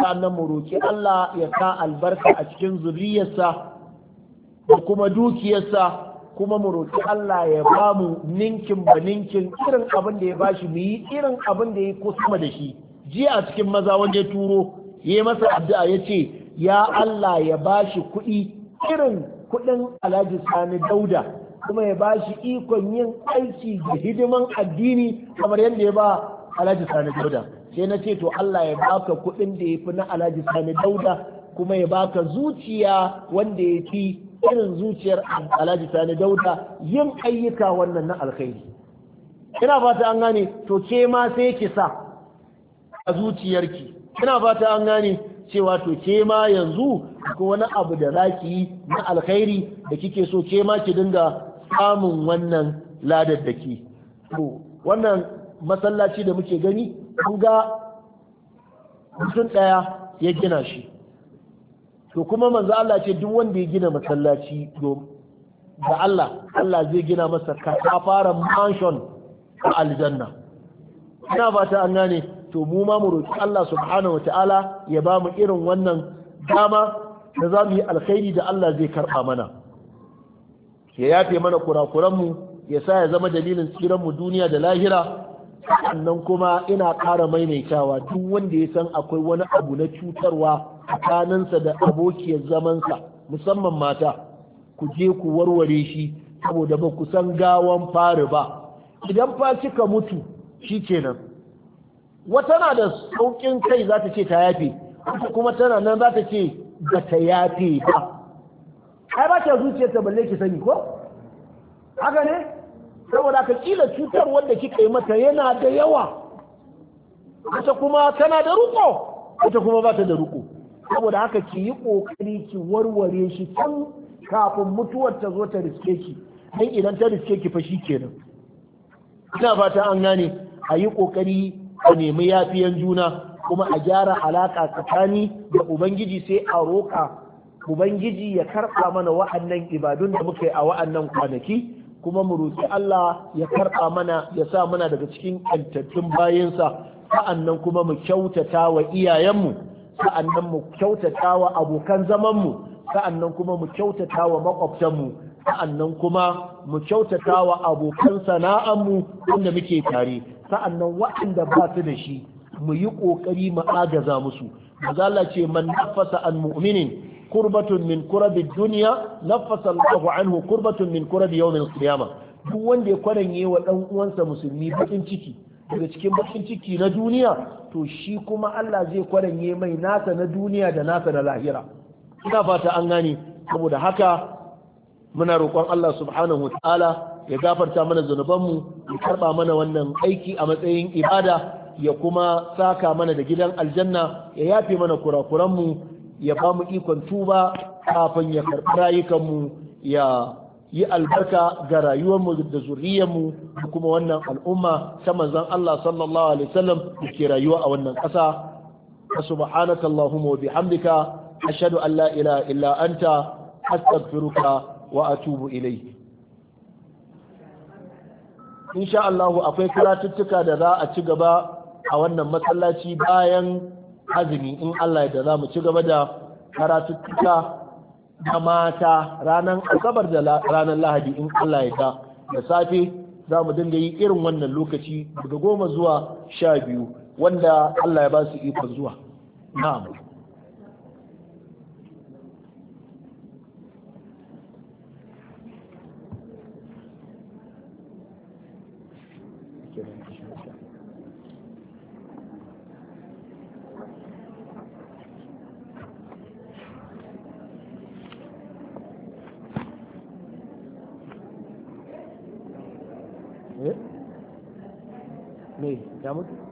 sannan mu roƙi Allah ya sa albarka a cikin zuriyarsa da kuma dukiyarsa kuma mu roƙi Allah ya ba mu ninkin ba ninkin irin abin da ya ba shi mu yi irin abin da ya ko sama da shi jiya a cikin maza wanda ya turo ya masa addu'a ya ce ya Allah ya bashi kuɗi irin kuɗin alhaji sani dauda kuma ya bashi ikon yin aiki da hidiman addini kamar yadda ya ba alhaji sani dauda sai na ce to Allah ya baka kuɗin da ya fi na alhaji sani dauda kuma ya baka zuciya wanda ya fi irin zuciyar alhaji sani dauda yin ayyuka wannan na alkhairi ina fata an gane to ke ma sai ki sa a zuciyarki ina fata an gane cewa to ke ma yanzu ko wani abu da zaki yi na alkhairi da kike so ke ma ki dinga samun wannan da ke. to wannan masallaci da muke gani kun ga mutum ɗaya ya gina shi to kuma manzo Allah ce duk wanda ya gina masallaci da Allah Allah zai gina masa fara mansion a aljanna ina fata an gane to mu ma mu roki Allah subhanahu wataala ya ba mu irin wannan dama da za mu yi alkhairi da Allah zai karɓa mana ya yafe mana kurakuranmu ya sa ya zama dalilin tsiranmu duniya da lahira sannan kuma ina ƙara maimaitawa duk wanda ya san akwai wani abu na cutarwa tsakaninsa da abokiyar zamansa musamman mata ku je ku warware shi saboda ba ku san gawan fari ba idan fa kika mutu shi kenan wata na da saukin kai za ta ce ta yafe wata kuma tana nan za ta ce ba ta yafe ba ai ba ta zuciya ta balle ki sani ko haka ne saboda ka kila cutar wanda kika yi mata yana da yawa wata kuma tana da ruko wata kuma ba ta da ruko saboda haka ki yi kokari ki warware shi can kafin mutuwar ta zo ta riske ki dan idan ta riske ki fa kenan ina fata an gane a yi kokari a nemi yafiyan juna kuma a gyara alaka tsakani da ubangiji sai a roƙa ubangiji ya karɓa mana wa'annan ibadun da muka yi a wa'annan kwanaki kuma mu roƙi Allah ya karɓa mana ya sa mana daga cikin ƙantattun bayansa sa'annan kuma mu kyautata wa iyayenmu sa'annan mu kyautata wa abokan zamanmu sa'annan kuma mu kyautata wa maƙwabtanmu sa'annan kuma mu kyautata wa abokan sana'anmu wanda muke tare sa'annan waɗanda ba su da shi mu yi ƙoƙari mu agaza musu mazala ce man nafasa an mu'minin kurbatun min kurabi duniya nafasa Allahu anhu kurbatun min kurabi yawmin qiyama duk wanda ya kwaranye wa ɗan uwansa musulmi bakin ciki daga cikin bakin ciki na duniya to shi kuma Allah zai kwaranye mai nasa na duniya da nasa na lahira ina fata an gane saboda haka muna roƙon Allah subhanahu wa ta'ala ya gafarta mana zunubanmu ya karba mana wannan aiki a matsayin ibada ya kuma saka mana da gidan aljanna ya yafe mana kurakuranmu ya ba mu ikon tuba kafin ya karɓi rayukanmu ya yi albarka ga rayuwarmu da zuriyarmu da kuma wannan al'umma ta manzon Allah sallallahu alaihi wasallam da ke rayuwa a wannan ƙasa subhanaka allahumma wa bihamdika ashhadu an la ilaha illa anta astaghfiruka wa atubu ilayk insha Allah akwai karatuttuka da za a ci gaba a wannan masallaci bayan azumi in Allah da za mu ci gaba da karatuttuka na mata ranar asabar da ranar lahadi in Allah ya da da safe za mu dinga yi irin wannan lokaci daga goma zuwa sha biyu wanda Allah ya ba su ikon zuwa na'am کیا ہوتی